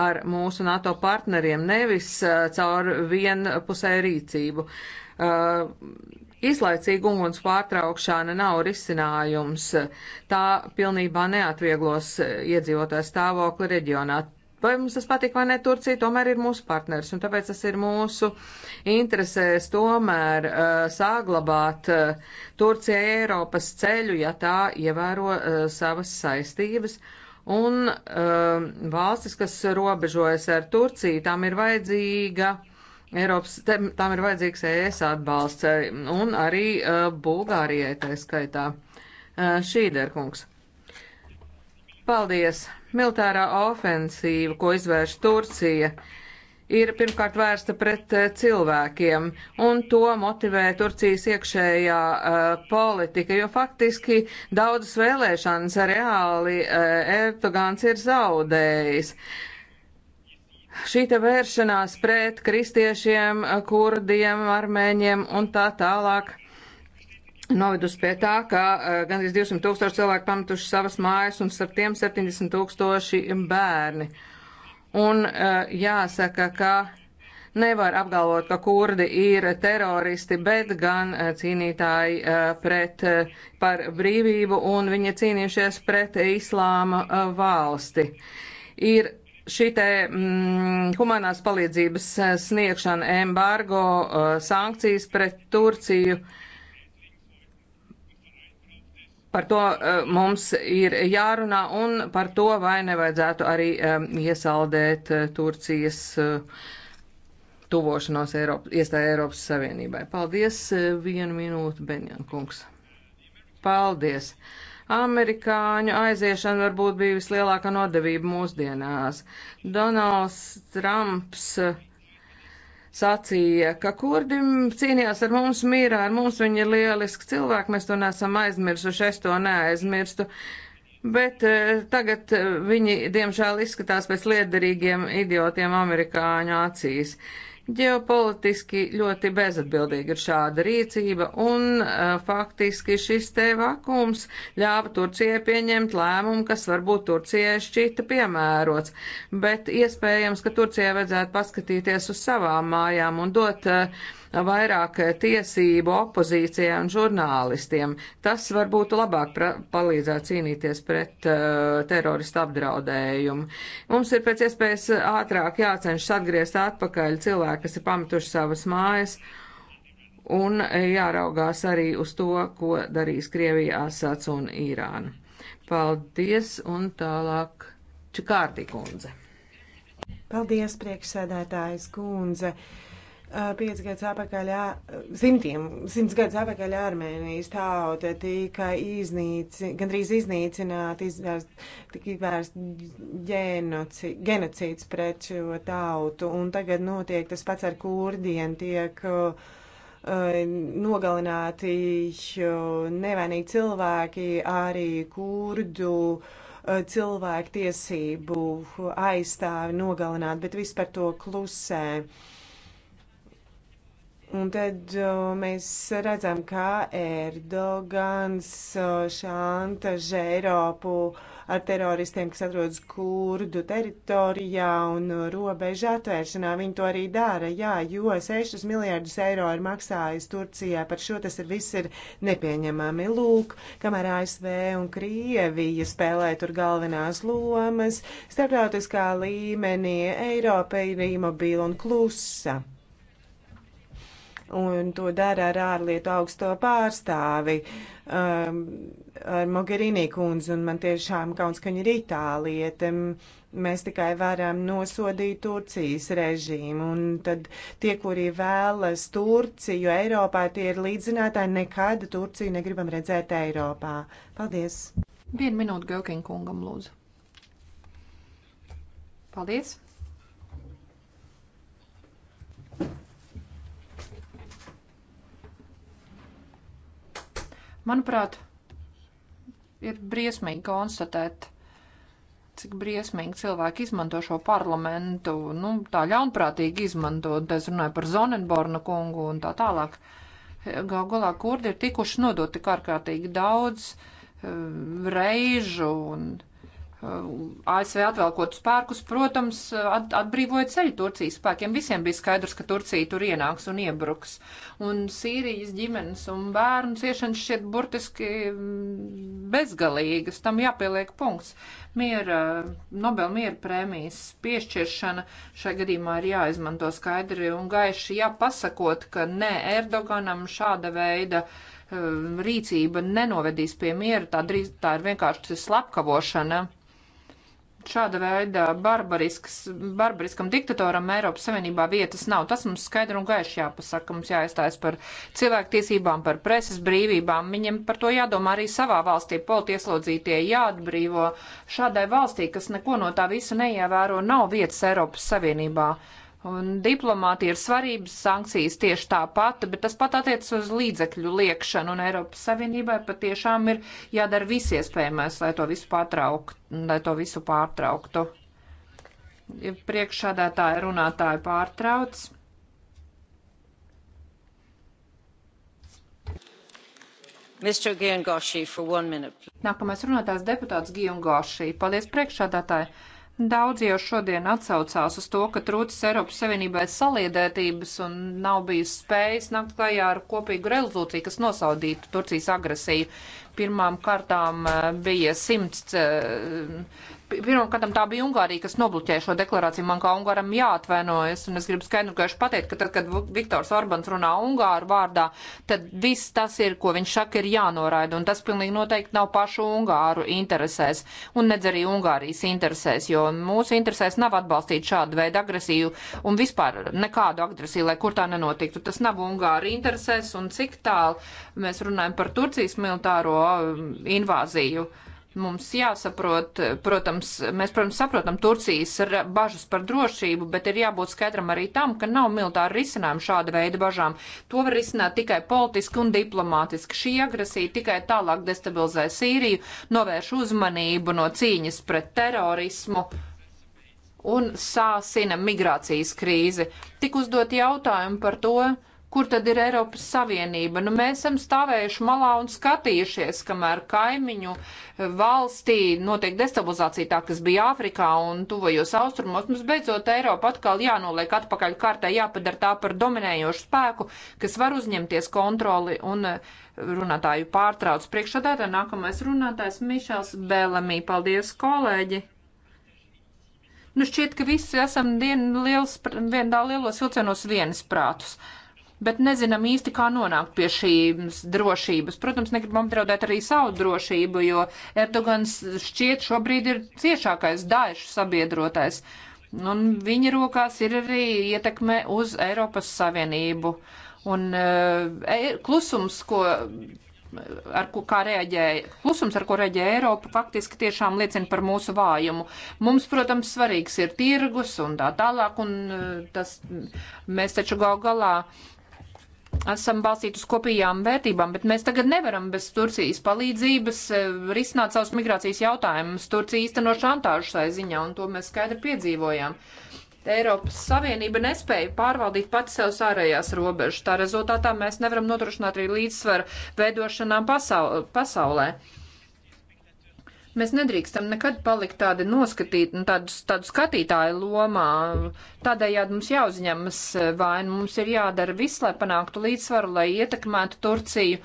ar mūsu NATO partneriem, nevis uh, caur vienpusēju rīcību. Uh, Izlaicīga uguns pārtraukšana nav risinājums. Tā pilnībā neatvieglos iedzīvotāju stāvokli reģionā. Vai mums tas patīk vai ne, Turcija tomēr ir mūsu partners, un tāpēc tas ir mūsu interesēs tomēr uh, saglabāt uh, Turcija Eiropas ceļu, ja tā ievēro uh, savas saistības. Un uh, valstis, kas robežojas ar Turciju, tam ir vajadzīga uh, Eiropas, te, tam ir vajadzīgs ES atbalsts e, un arī uh, Bulgārijai tā skaitā. Uh, e, Šīderkungs. Paldies! Militārā ofensīva, ko izvērš Turcija, ir pirmkārt vērsta pret cilvēkiem, un to motivē Turcijas iekšējā uh, politika, jo faktiski daudzas vēlēšanas reāli uh, Erdogans ir zaudējis. Uh, Šī te vēršanās pret kristiešiem, kurdiem, armēņiem un tā tālāk novedus pie tā, ka eh, gandrīz 200 tūkstoši cilvēku pametuši savas mājas un starp tiem 70 tūkstoši bērni. Un eh, jāsaka, ka nevar apgalvot, ka kurdi ir teroristi, bet gan eh, cīnītāji pret, par brīvību, un viņi cīnījušies pret islāma valsti. Ir šī te mm, humanās palīdzības eh, sniegšana, embargo, eh, sankcijas pret Turciju. Par to eh, mums ir jārunā un par to, vai nevajadzētu arī iesaldēt Turcijas tuvošanos Eiropa, iestāja Eiropas Savienībai. Paldies, vienu minūtu, Benjankungs. Paldies. Uh, Amerikāņu aiziešana varbūt bija vislielākā nodevība mūsdienās. Donalds Trumps eh, sacīja, ka kurdi cīnījās ar mums mīrā, ar mums viņi ir lieliski cilvēki, mēs to neesam aizmirsuši, es to neaizmirstu. Bet eh, tagad eh, viņi, diemžēl, izskatās pēc liederīgiem idiotiem amerikāņu acīs. Uh, Ģeopolitiski ļoti bezatbildīga ir šāda rīcība, un uh, faktiski šis te vakums ļāva Turcijai pieņemt lēmumu, kas varbūt Turcijai šķita piemērots, bet iespējams, ka Turcijai vajadzētu paskatīties uz savām mājām un dot uh, vairāk tiesību opozīcijai un žurnālistiem. Tas varbūt labāk palīdzētu cīnīties pret uh, teroristu apdraudējumu. Mums ir pēc iespējas ātrāk jācenšas atgriezt atpakaļ cilvēki, kas ir pametuši savas mājas. Un jāraugās arī uz to, ko darīs Krievija, Asats un Irāna. Paldies, un tālāk Čikārti kundze. Paldies, priekšsēdētājs kundze. Uh, Pieci gadus atpakaļ, simtiem, simts gadus atpakaļ Armēnijas tauta tika iznīci, gandrīz iznīcināta, izvērst, tika izvērst genoci, genocīds pret šo tautu, un tagad notiek tas pats ar kurdiem, tiek uh, nogalināti uh, nevainīgi cilvēki, arī kurdu uh, cilvēku tiesību aizstāvi nogalināt, bet viss par to klusē. Uh, Un tad uh, mēs redzam, kā Erdogans uh, šantažē Eiropu ar teroristiem, kas atrodas kurdu teritorijā un robežu atvēršanā. Viņi to arī dara, jā, jo 6 miljārdus eiro ir maksājis Turcijā. Par šo tas ir viss ir nepieņemami. Lūk, kamēr ASV un Krievija spēlē tur galvenās lomas, starptautiskā līmenī Eiropa ir imobila un klusa un to dara ar ārlietu augsto pārstāvi, um, ar Mogherini kundzi, un man tiešām kauns, ka viņa ir itālieta. Mēs tikai varam nosodīt Turcijas režīmu, un tad tie, kuri vēlas Turciju Eiropā, tie ir līdzinātāji, nekad Turciju negribam redzēt Eiropā. Paldies! Vienu minūtu Gaukiņa kungam lūdzu. Paldies! Manuprāt, ir briesmīgi konstatēt, cik briesmīgi cilvēki izmanto šo parlamentu, nu, tā ļaunprātīgi izmanto, es runāju par Zonenborna kungu un tā tālāk. Gaugulā kurdi ir tikuši nodoti kārkārtīgi daudz eh, reižu un Uh, ASV atvēlkot spēkus, protams, at, atbrīvoja ceļu Turcijas spēkiem. Visiem bija skaidrs, ka Turcija tur ienāks un iebruks. Un Sīrijas ģimenes un bērnu ciešanas šķiet burtiski mm, bezgalīgas. Tam jāpieliek punkts. Miera, Nobel miera prēmijas piešķiršana šai gadījumā ir jāizmanto skaidri un gaiši jāpasakot, ka ne Erdoganam šāda veida um, rīcība nenovedīs pie miera, tā, drīz, tā ir vienkārši slepkavošana šāda veida barbariskam diktatoram Eiropas Savienībā vietas nav. Tas mums skaidri un gaiši jāpasaka. Mums jāiestājas par cilvēktiesībām, par preses brīvībām. Viņiem par to jādomā arī savā valstī. Politieslodzītie jāatbrīvo. Šādai valstī, kas neko no tā visa neievēro, nav vietas Eiropas Savienībā. Uh, Un diplomāti ir svarības sankcijas tieši tāpat, bet tas pat attiec uz līdzekļu liekšanu, un Eiropas Savienībai patiešām ir jādara viss iespējamais, lai to visu, pārtraukt, lai to visu pārtrauktu. Priekšādātāja runātāja pārtrauc. Nākamais runātājs deputāts Gijongoši. Paldies priekšādātāji. Daudz jau šodien atsaucās uz to, ka trūcis Eiropas Savienībai saliedētības un nav bijis spējas nākt klajā ar kopīgu rezolūciju, kas nosaudītu Turcijas agresiju. Pirmām kārtām eh, bija simts eh, Pirmkārt, tā bija Ungārija, kas nobloķēja šo deklarāciju. Man kā Ungāram jāatvainojas, un es gribu skaidru gaišu pateikt, ka tad, kad Viktors Orbans runā Ungāru vārdā, tad viss tas ir, ko viņš saka, ir jānoraida, un tas pilnīgi noteikti nav pašu Ungāru interesēs, un nedz arī Ungārijas interesēs, jo mūsu interesēs nav atbalstīt šādu veidu agresiju, un vispār nekādu agresiju, lai kur tā nenotiktu. Tas nav Ungāru interesēs, un cik tālu mēs runājam par Turcijas militāro um, invāziju. Mums jāsaprot, protams, mēs, protams, saprotam Turcijas bažas par drošību, bet ir jābūt skaidram arī tam, ka nav militāra risinājuma šāda veida bažām. To var risināt tikai politiski un diplomātiski. Šī agresija tikai tālāk destabilizē Sīriju, novērš uzmanību no cīņas pret terorismu un sāsina migrācijas krīzi. Tik uzdot jautājumu par to, Kur tad ir Eiropas Savienība? Nu, mēs esam stāvējuši malā un skatījušies, kamēr kaimiņu valstī notiek destabilizācija tā, kas bija Āfrikā un tuvajos austrumos. Mums beidzot Eiropa atkal jānoliek atpakaļ kārtē, jāpadara tā par dominējošu spēku, kas var uzņemties kontroli un eh, runātāju pārtrauc. Priekšādētā nākamais runātājs Mišels Bēlamī. Paldies, kolēģi! Nu šķiet, ka visi esam dien liels, vienā lielos vilcienos vienas prātus. Uh, bet nezinām īsti, kā nonākt pie šīs drošības. Protams, negribam apdraudēt arī savu drošību, jo Erdogans šķiet šobrīd ir ciešākais daišu sabiedrotais. Un viņa rokās ir arī ietekme uz Eiropas Savienību. Un uh, klusums, ko ar ko reaģēja, klusums, ar ko reaģēja Eiropa, faktiski tiešām liecina par mūsu vājumu. Mums, protams, svarīgs ir tirgus un tā tālāk, un eh, tas mēs taču gal galā uh, esam balstīti uz kopējām vērtībām, bet mēs tagad nevaram bez Turcijas palīdzības eh, risināt savus migrācijas jautājumus. Turcija īsteno šantāžu šai ziņā, un to mēs skaidri piedzīvojām. Eiropas Savienība nespēja pārvaldīt pati sev ārējās robežas. Tā rezultātā mēs nevaram nodrošināt arī līdzsvaru veidošanām pasaulē. Mēs nedrīkstam nekad palikt tādi noskatīt, tādu, tādu skatītāju lomā. Tādējādi mums jāuzņemas eh, vaina, mums ir jādara viss, lai panāktu līdzsvaru, lai ietekmētu Turciju.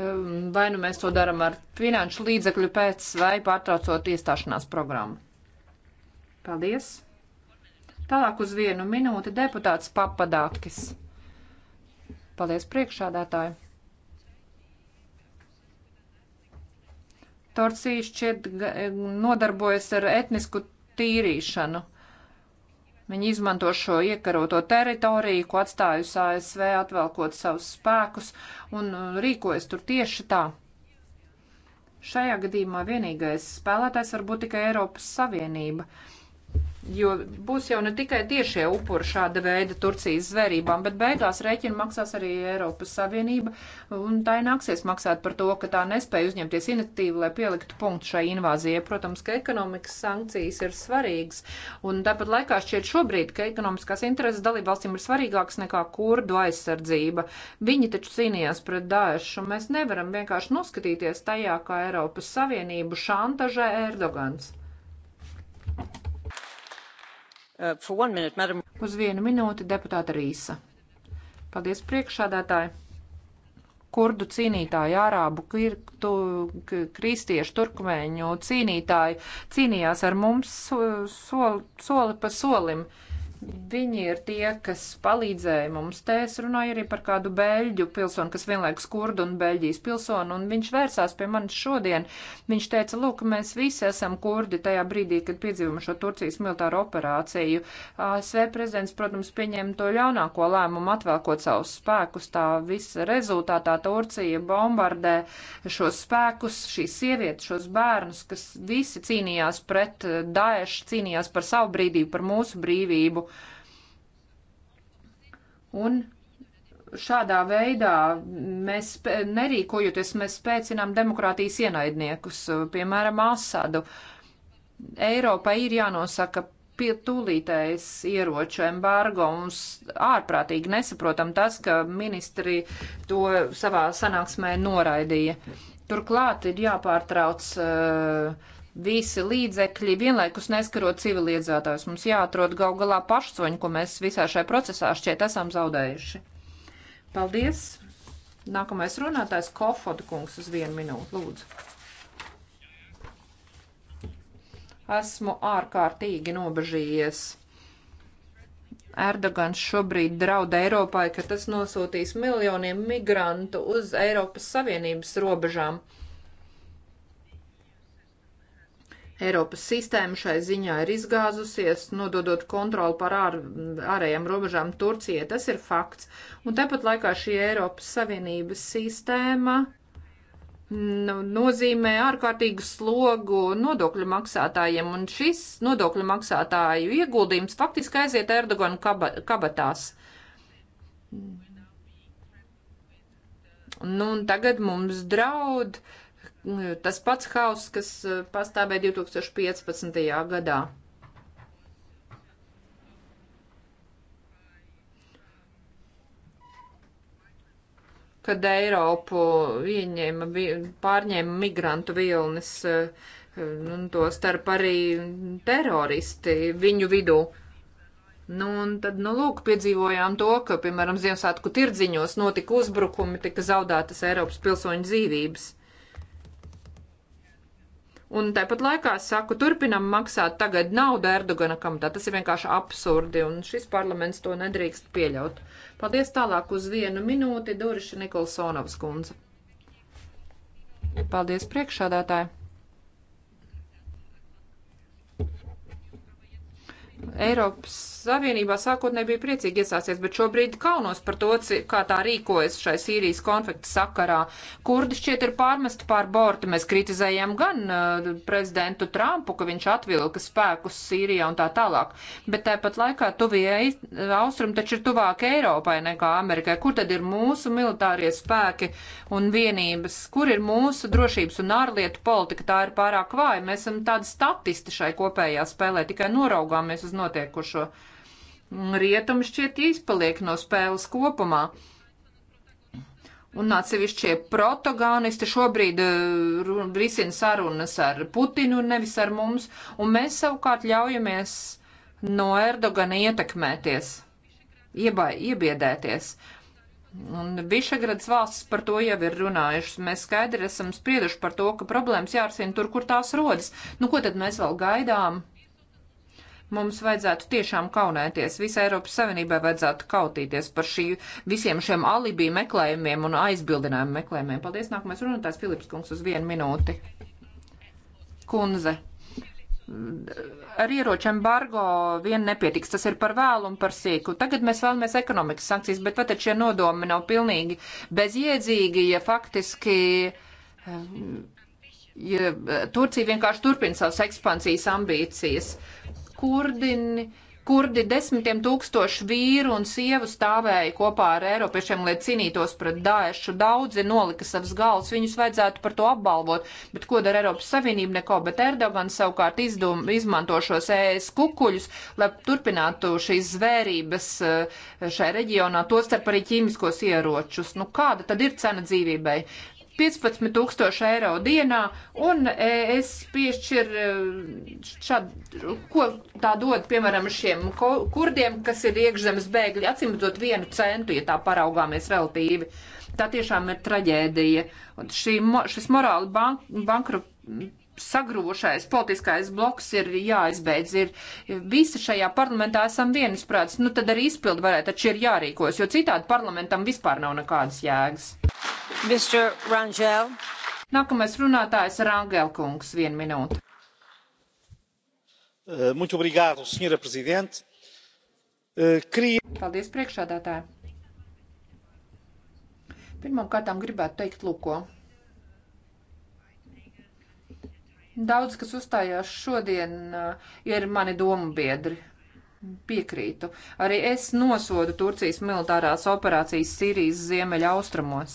Um, vai nu mēs to darām ar finanšu līdzekļu pēc vai pārtraucot iestāšanās programmu. Paldies! Tālāk uz vienu minūti deputāts Papadākis. Paldies priekšādātāju! Torcija šķiet e, nodarbojas ar etnisku tīrīšanu. Viņi izmanto šo iekaroto teritoriju, ko atstājusi ASV, atvelkot savus spēkus un e, rīkojas tur tieši tā. Šajā gadījumā vienīgais spēlētājs var būt tikai Eiropas Savienība. Uh, Jo būs jau ne tikai tiešie upuri šāda veida Turcijas zvērībām, bet beigās rēķinu maksās arī Eiropas Savienība, un tā nāksies maksāt par to, ka tā nespēja uzņemties iniciatīvu, lai pieliktu punktu šai invāzijai. Protams, ka ekonomikas sankcijas ir svarīgas, un tāpat laikā šķiet šobrīd, ka ekonomiskās intereses dalībvalstīm ir svarīgākas nekā kurdu aizsardzība. Viņi taču cīnījās pret Daešu, un mēs nevaram vienkārši noskatīties tajā, kā Eiropas Savienību šantažē Erdogans. Thank you. Uh, minute, Uz vienu minūti deputāta Rīsa. Paldies priekšādātāji. Kurdu cīnītāji, ārābu, kirtu, kristiešu, turkmēņu cīnītāji cīnījās ar mums soli, soli pa solim. Uh, Viņi ir tie, kas palīdzēja mums. Te es runāju arī par kādu beļģu pilsonu, kas vienlaikus kurdu un beļģijas pilsonu, un viņš vērsās pie manis šodien. Viņš teica, lūk, mēs visi esam kurdi tajā brīdī, kad piedzīvam šo Turcijas militāro operāciju. ASV prezidents, protams, pieņēma to ļaunāko lēmumu atvēlkot savus spēkus. Tā visa rezultātā Turcija bombardē šos spēkus, šīs sievietes, šos bērnus, kas visi cīnījās pret Daesh, cīnījās par savu brīvību, par mūsu brīvību Un šādā veidā mēs nerīkojoties, mēs spēcinām demokrātijas ienaidniekus, piemēram, Asadu. Eiropai ir jānosaka pie tūlītējas ieroču embargo. Mums ārprātīgi nesaprotam tas, ka ministri to savā sanāksmē noraidīja. Turklāt ir jāpārtrauc uh, visi līdzekļi vienlaikus neskarot civiliedzētājus. Mums jāatrod gal galā pašsoņi, ko mēs visā šajā procesā šķiet esam zaudējuši. Paldies! Nākamais runātājs Kofoda kungs uz vienu minūtu, lūdzu. Esmu ārkārtīgi nobežījies. Erdogans šobrīd draud Eiropai, ka tas nosūtīs miljoniem migrantu uz Eiropas Savienības robežām. Eiropas sistēma šai ziņā ir izgāzusies, nododot kontroli par ār, ārējām robežām Turcijai. Tas ir fakts. Un tāpat laikā šī Eiropas Savienības sistēma mm, nozīmē ārkārtīgu slogu nodokļu maksātājiem, un šis nodokļu maksātāju ieguldījums faktiski aiziet Erdoganu kabatās. Nu, un tagad mums draud uh, tas pats hauss, kas eh, pastāvēja 2015. gadā. Kad Eiropu ieņēma, pārņēma migrantu vilnis, eh, un to starp arī teroristi viņu vidū. Nu, un tad, nu, lūk, piedzīvojām to, ka, piemēram, Ziemassvētku tirdziņos notika uzbrukumi, tika zaudētas Eiropas pilsoņu dzīvības. Un tāpat laikā saku, turpinam maksāt tagad naudu Erdogana kamatā. Tas ir vienkārši absurdi, un šis parlaments to nedrīkst pieļaut. Paldies tālāk uz vienu minūti, Duriša Nikolsonovas kundze. Paldies priekšādātāji. Eiropas Savienībā sākotnēji bija priecīgi iesācies, bet šobrīd kaunos par to, kā tā rīkojas šai Sīrijas konflikta sakarā. Kurdi šķiet ir pārmesti pār bortu. Mēs kritizējam gan uh, prezidentu Trumpu, ka viņš atvilka spēkus Sīrijā un tā tālāk, bet tāpat laikā tuvie austrumi taču ir tuvāk Eiropai nekā Amerikai. Kur tad ir mūsu militārie spēki un vienības? Kur ir mūsu drošības un ārlietu politika? Tā ir pārāk vāja. Mēs esam tādi statisti šai kopējā spēlē, tikai noraugāmies uz notikumiem notiekušo. Rietumi šķiet izpaliek no spēles kopumā. Un atsevišķie protagonisti šobrīd uh, risina sarunas ar Putinu, nevis ar mums, un mēs savukārt ļaujamies no Erdogana ietekmēties, ieba, iebiedēties. Un Višegrads valsts par to jau ir runājušas. Mēs skaidri esam sprieduši par to, ka problēmas jārisina tur, kur tās rodas. Nu, ko tad mēs vēl gaidām? Mums vajadzētu tiešām kaunēties. Visai Eiropas Savienībai vajadzētu kautīties par šī, visiem šiem alibi meklējumiem un aizbildinājumu meklējumiem. Paldies. Nākamais runātājs Filips Kungs uz vienu minūti. Kunze. Ar ieroču embargo vien nepietiks. Tas ir par vēlu un par sīku. Tagad mēs vēlamies ekonomikas sankcijas, bet vai tad šie nodomi nav pilnīgi bezjēdzīgi, ja faktiski. Ja Turcija vienkārši turpina savas ekspansijas ambīcijas kurdini, kurdi desmitiem tūkstoši vīru un sievu stāvēja kopā ar Eiropiešiem, lai cīnītos pret Daešu. Daudzi nolika savas galvas, viņus vajadzētu par to apbalvot, bet ko dara Eiropas Savienība neko, bet Erdogan savukārt izdom, izmanto šos ES kukuļus, lai turpinātu šīs zvērības eh, šai reģionā, tostarp arī ķīmiskos ieročus. Nu kāda tad ir cena dzīvībai? 15,000 eiro dienā, un es piešķiru šādu, ko tā dod, piemēram, šiem kurdiem, kas ir iekšzemes bēgļi, atsimtot vienu centu, ja tā paraugāmies relatīvi. Tā tiešām ir traģēdija. Un šī, šis morāli bank, bankru sagrošais politiskais bloks ir jāizbeidz. Ir visi šajā parlamentā esam vienisprāts. Nu tad arī izpildu varētu, taču ir jārīkojas, jo citādi parlamentam vispār nav nekādas jēgas. Mr. Rangel. Nākamais runātājs Rangel kungs, viena minūte. Uh, muito obrigado, senhora presidente. Uh, queria... Paldies priekšādātāji. Pirmkārt, gribētu teikt, lūko. Daudz, kas uzstājās šodien, eh, ir mani domu biedri. Piekrītu. Arī es nosodu Turcijas militārās operācijas Sīrijas ziemeļa austrumos.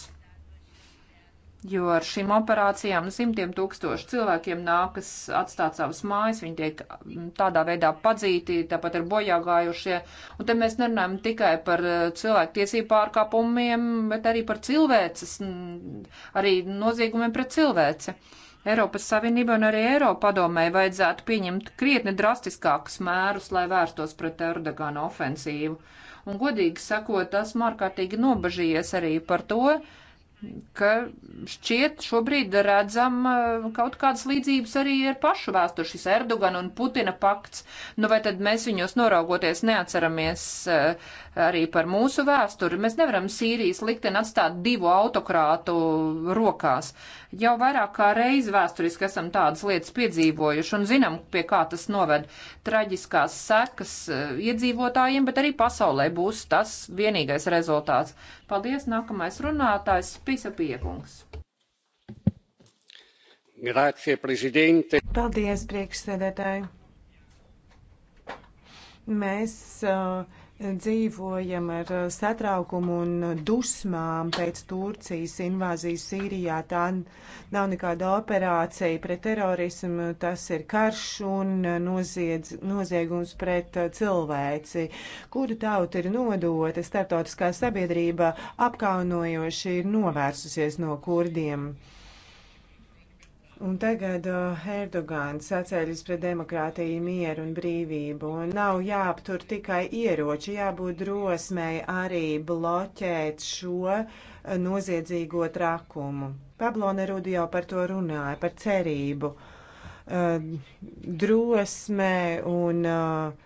Jo ar šīm operācijām simtiem tūkstoši cilvēkiem nākas atstāt savas mājas, viņi tiek mm, tādā veidā padzīti, tāpat ir bojā gājušie. Un te mēs nerunājam tikai par eh, cilvēku tiesību pārkāpumiem, bet arī par cilvēces, mm, arī noziegumiem pret cilvēci. Uh, Eiropas Savienībai un arī Eiropa padomēji vajadzētu pieņemt krietni drastiskākus mērus, lai vērstos pret Erdogana ofensīvu. Un, godīgi sakot, esmu ārkārtīgi nobažījies arī par to, ka šķiet šobrīd redzam e, kaut kādas līdzības arī ar pašu vēsturi, šis Erdogan un Putina pakts. Nu vai tad mēs viņos noraugoties neatceramies e, arī par mūsu vēsturi? Mēs nevaram Sīrijas likteni atstāt divu autokrātu rokās. Jau vairāk kā reizi vēsturiski esam tādas lietas piedzīvojuši un zinām, pie kā tas noved traģiskās sekas e, iedzīvotājiem, bet arī pasaulē būs tas vienīgais rezultāts. Paldies, nākamais runātājs Pisa Piekungs. Grācie, prezidente. Paldies, priekšsēdētāji. Mēs uh, dzīvojam ar eh, satraukumu un dusmām pēc Turcijas invāzijas Sīrijā. Tā nav nekāda operācija pret terorismu, tas ir karš un eh, noziedz, noziegums pret eh, cilvēci, kuru tauta ir nodota. Startautiskā sabiedrība apkaunojoši ir novērsusies no kurdiem. Un tagad uh, Erdogans sacēļas pret demokrātiju, mieru un brīvību. Un nav jāaptur tikai ieroči, jābūt drosmei arī bloķēt šo uh, noziedzīgo trakumu. Pablo Nerudi jau par to runāja, par cerību, uh, drosmē un uh,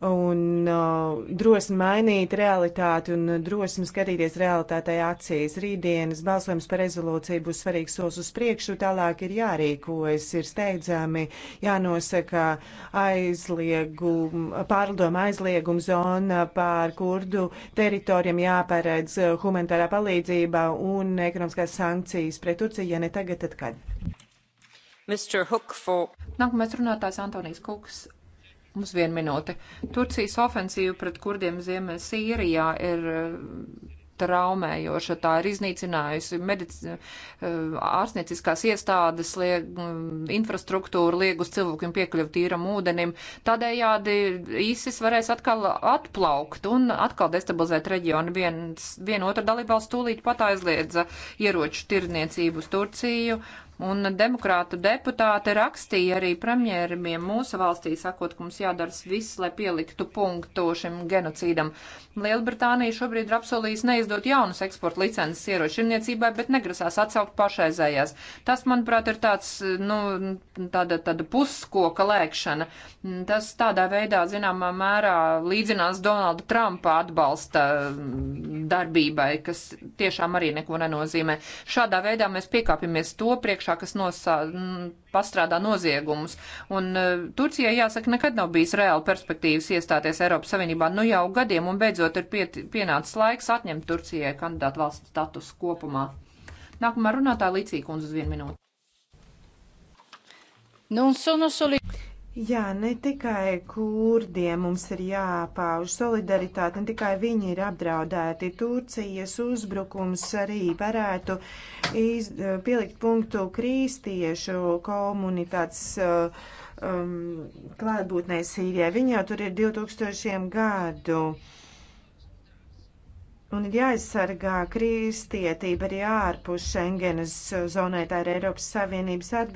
un uh, drosmi mainīt realitāti un uh, drosmi skatīties realitātei acīs. Rītdienas balsojums par rezolūciju būs svarīgs solis uz priekšu, tālāk ir jārīkojas, ir steidzami jānosaka aizliegum, pārlidoma aizlieguma zona pār kurdu teritorijam jāparedz humanitārā palīdzība un ekonomiskās sankcijas pret Turciju, ja ne tagad, tad kad? For... Nākamais runātājs Antonijs Kukas Mums viena minūte. Turcijas ofensīva pret kurdiem Ziemē Sīrijā ir eh, traumējoša. Tā ir iznīcinājusi medic, eh, ārstnieciskās iestādes, lieg, mm, infrastruktūru, liegus cilvēkiem piekļuvu tīram ūdenim. Tādējādi ISIS varēs atkal atplaukt un atkal destabilizēt reģionu. Viens, viena otra dalībvalsts tūlīt pat aizliedza ieroču tirniecību uz Turciju Un demokrātu deputāte rakstīja arī premjeriem mūsu valstī, sakot, ka mums jādara viss, lai pieliktu punktu šim genocīdam. Lielbritānija šobrīd ir apsolījusi neizdot jaunas eksporta licences ieročirniecībai, bet negrasās atsaukt pašreizējās. Tas, manuprāt, ir tāds, nu, tāda, tāda puskoka lēkšana. Tas tādā veidā, zināmā mērā, līdzinās Donalda Trumpa atbalsta darbībai, kas tiešām arī neko nenozīmē. Šādā veidā mēs piekāpjamies to priekš priekšā, kas nosā, m, pastrādā noziegumus. Un uh, Turcijai, jāsaka, nekad nav bijis reāli perspektīvas iestāties Eiropas Savienībā. Nu jau gadiem un beidzot ir piet, pienācis laiks atņemt Turcijai kandidātu valsts status kopumā. Nākamā runātāja Līcīkundze uz vienu minūti. Non sono soli... Jā, ne tikai kurdiem mums ir jāpauž solidaritāte, ne tikai viņi ir apdraudēti. Turcijas uzbrukums arī varētu iz, eh, pielikt punktu kristiešu komunitātes eh, um, klātbūtnē Sīrijā. Viņi jau tur ir 2000 gadu. Un ir jāaizsargā kristietība arī ārpus Schengenas zonai, tā ir Eiropas Savienības atbildība.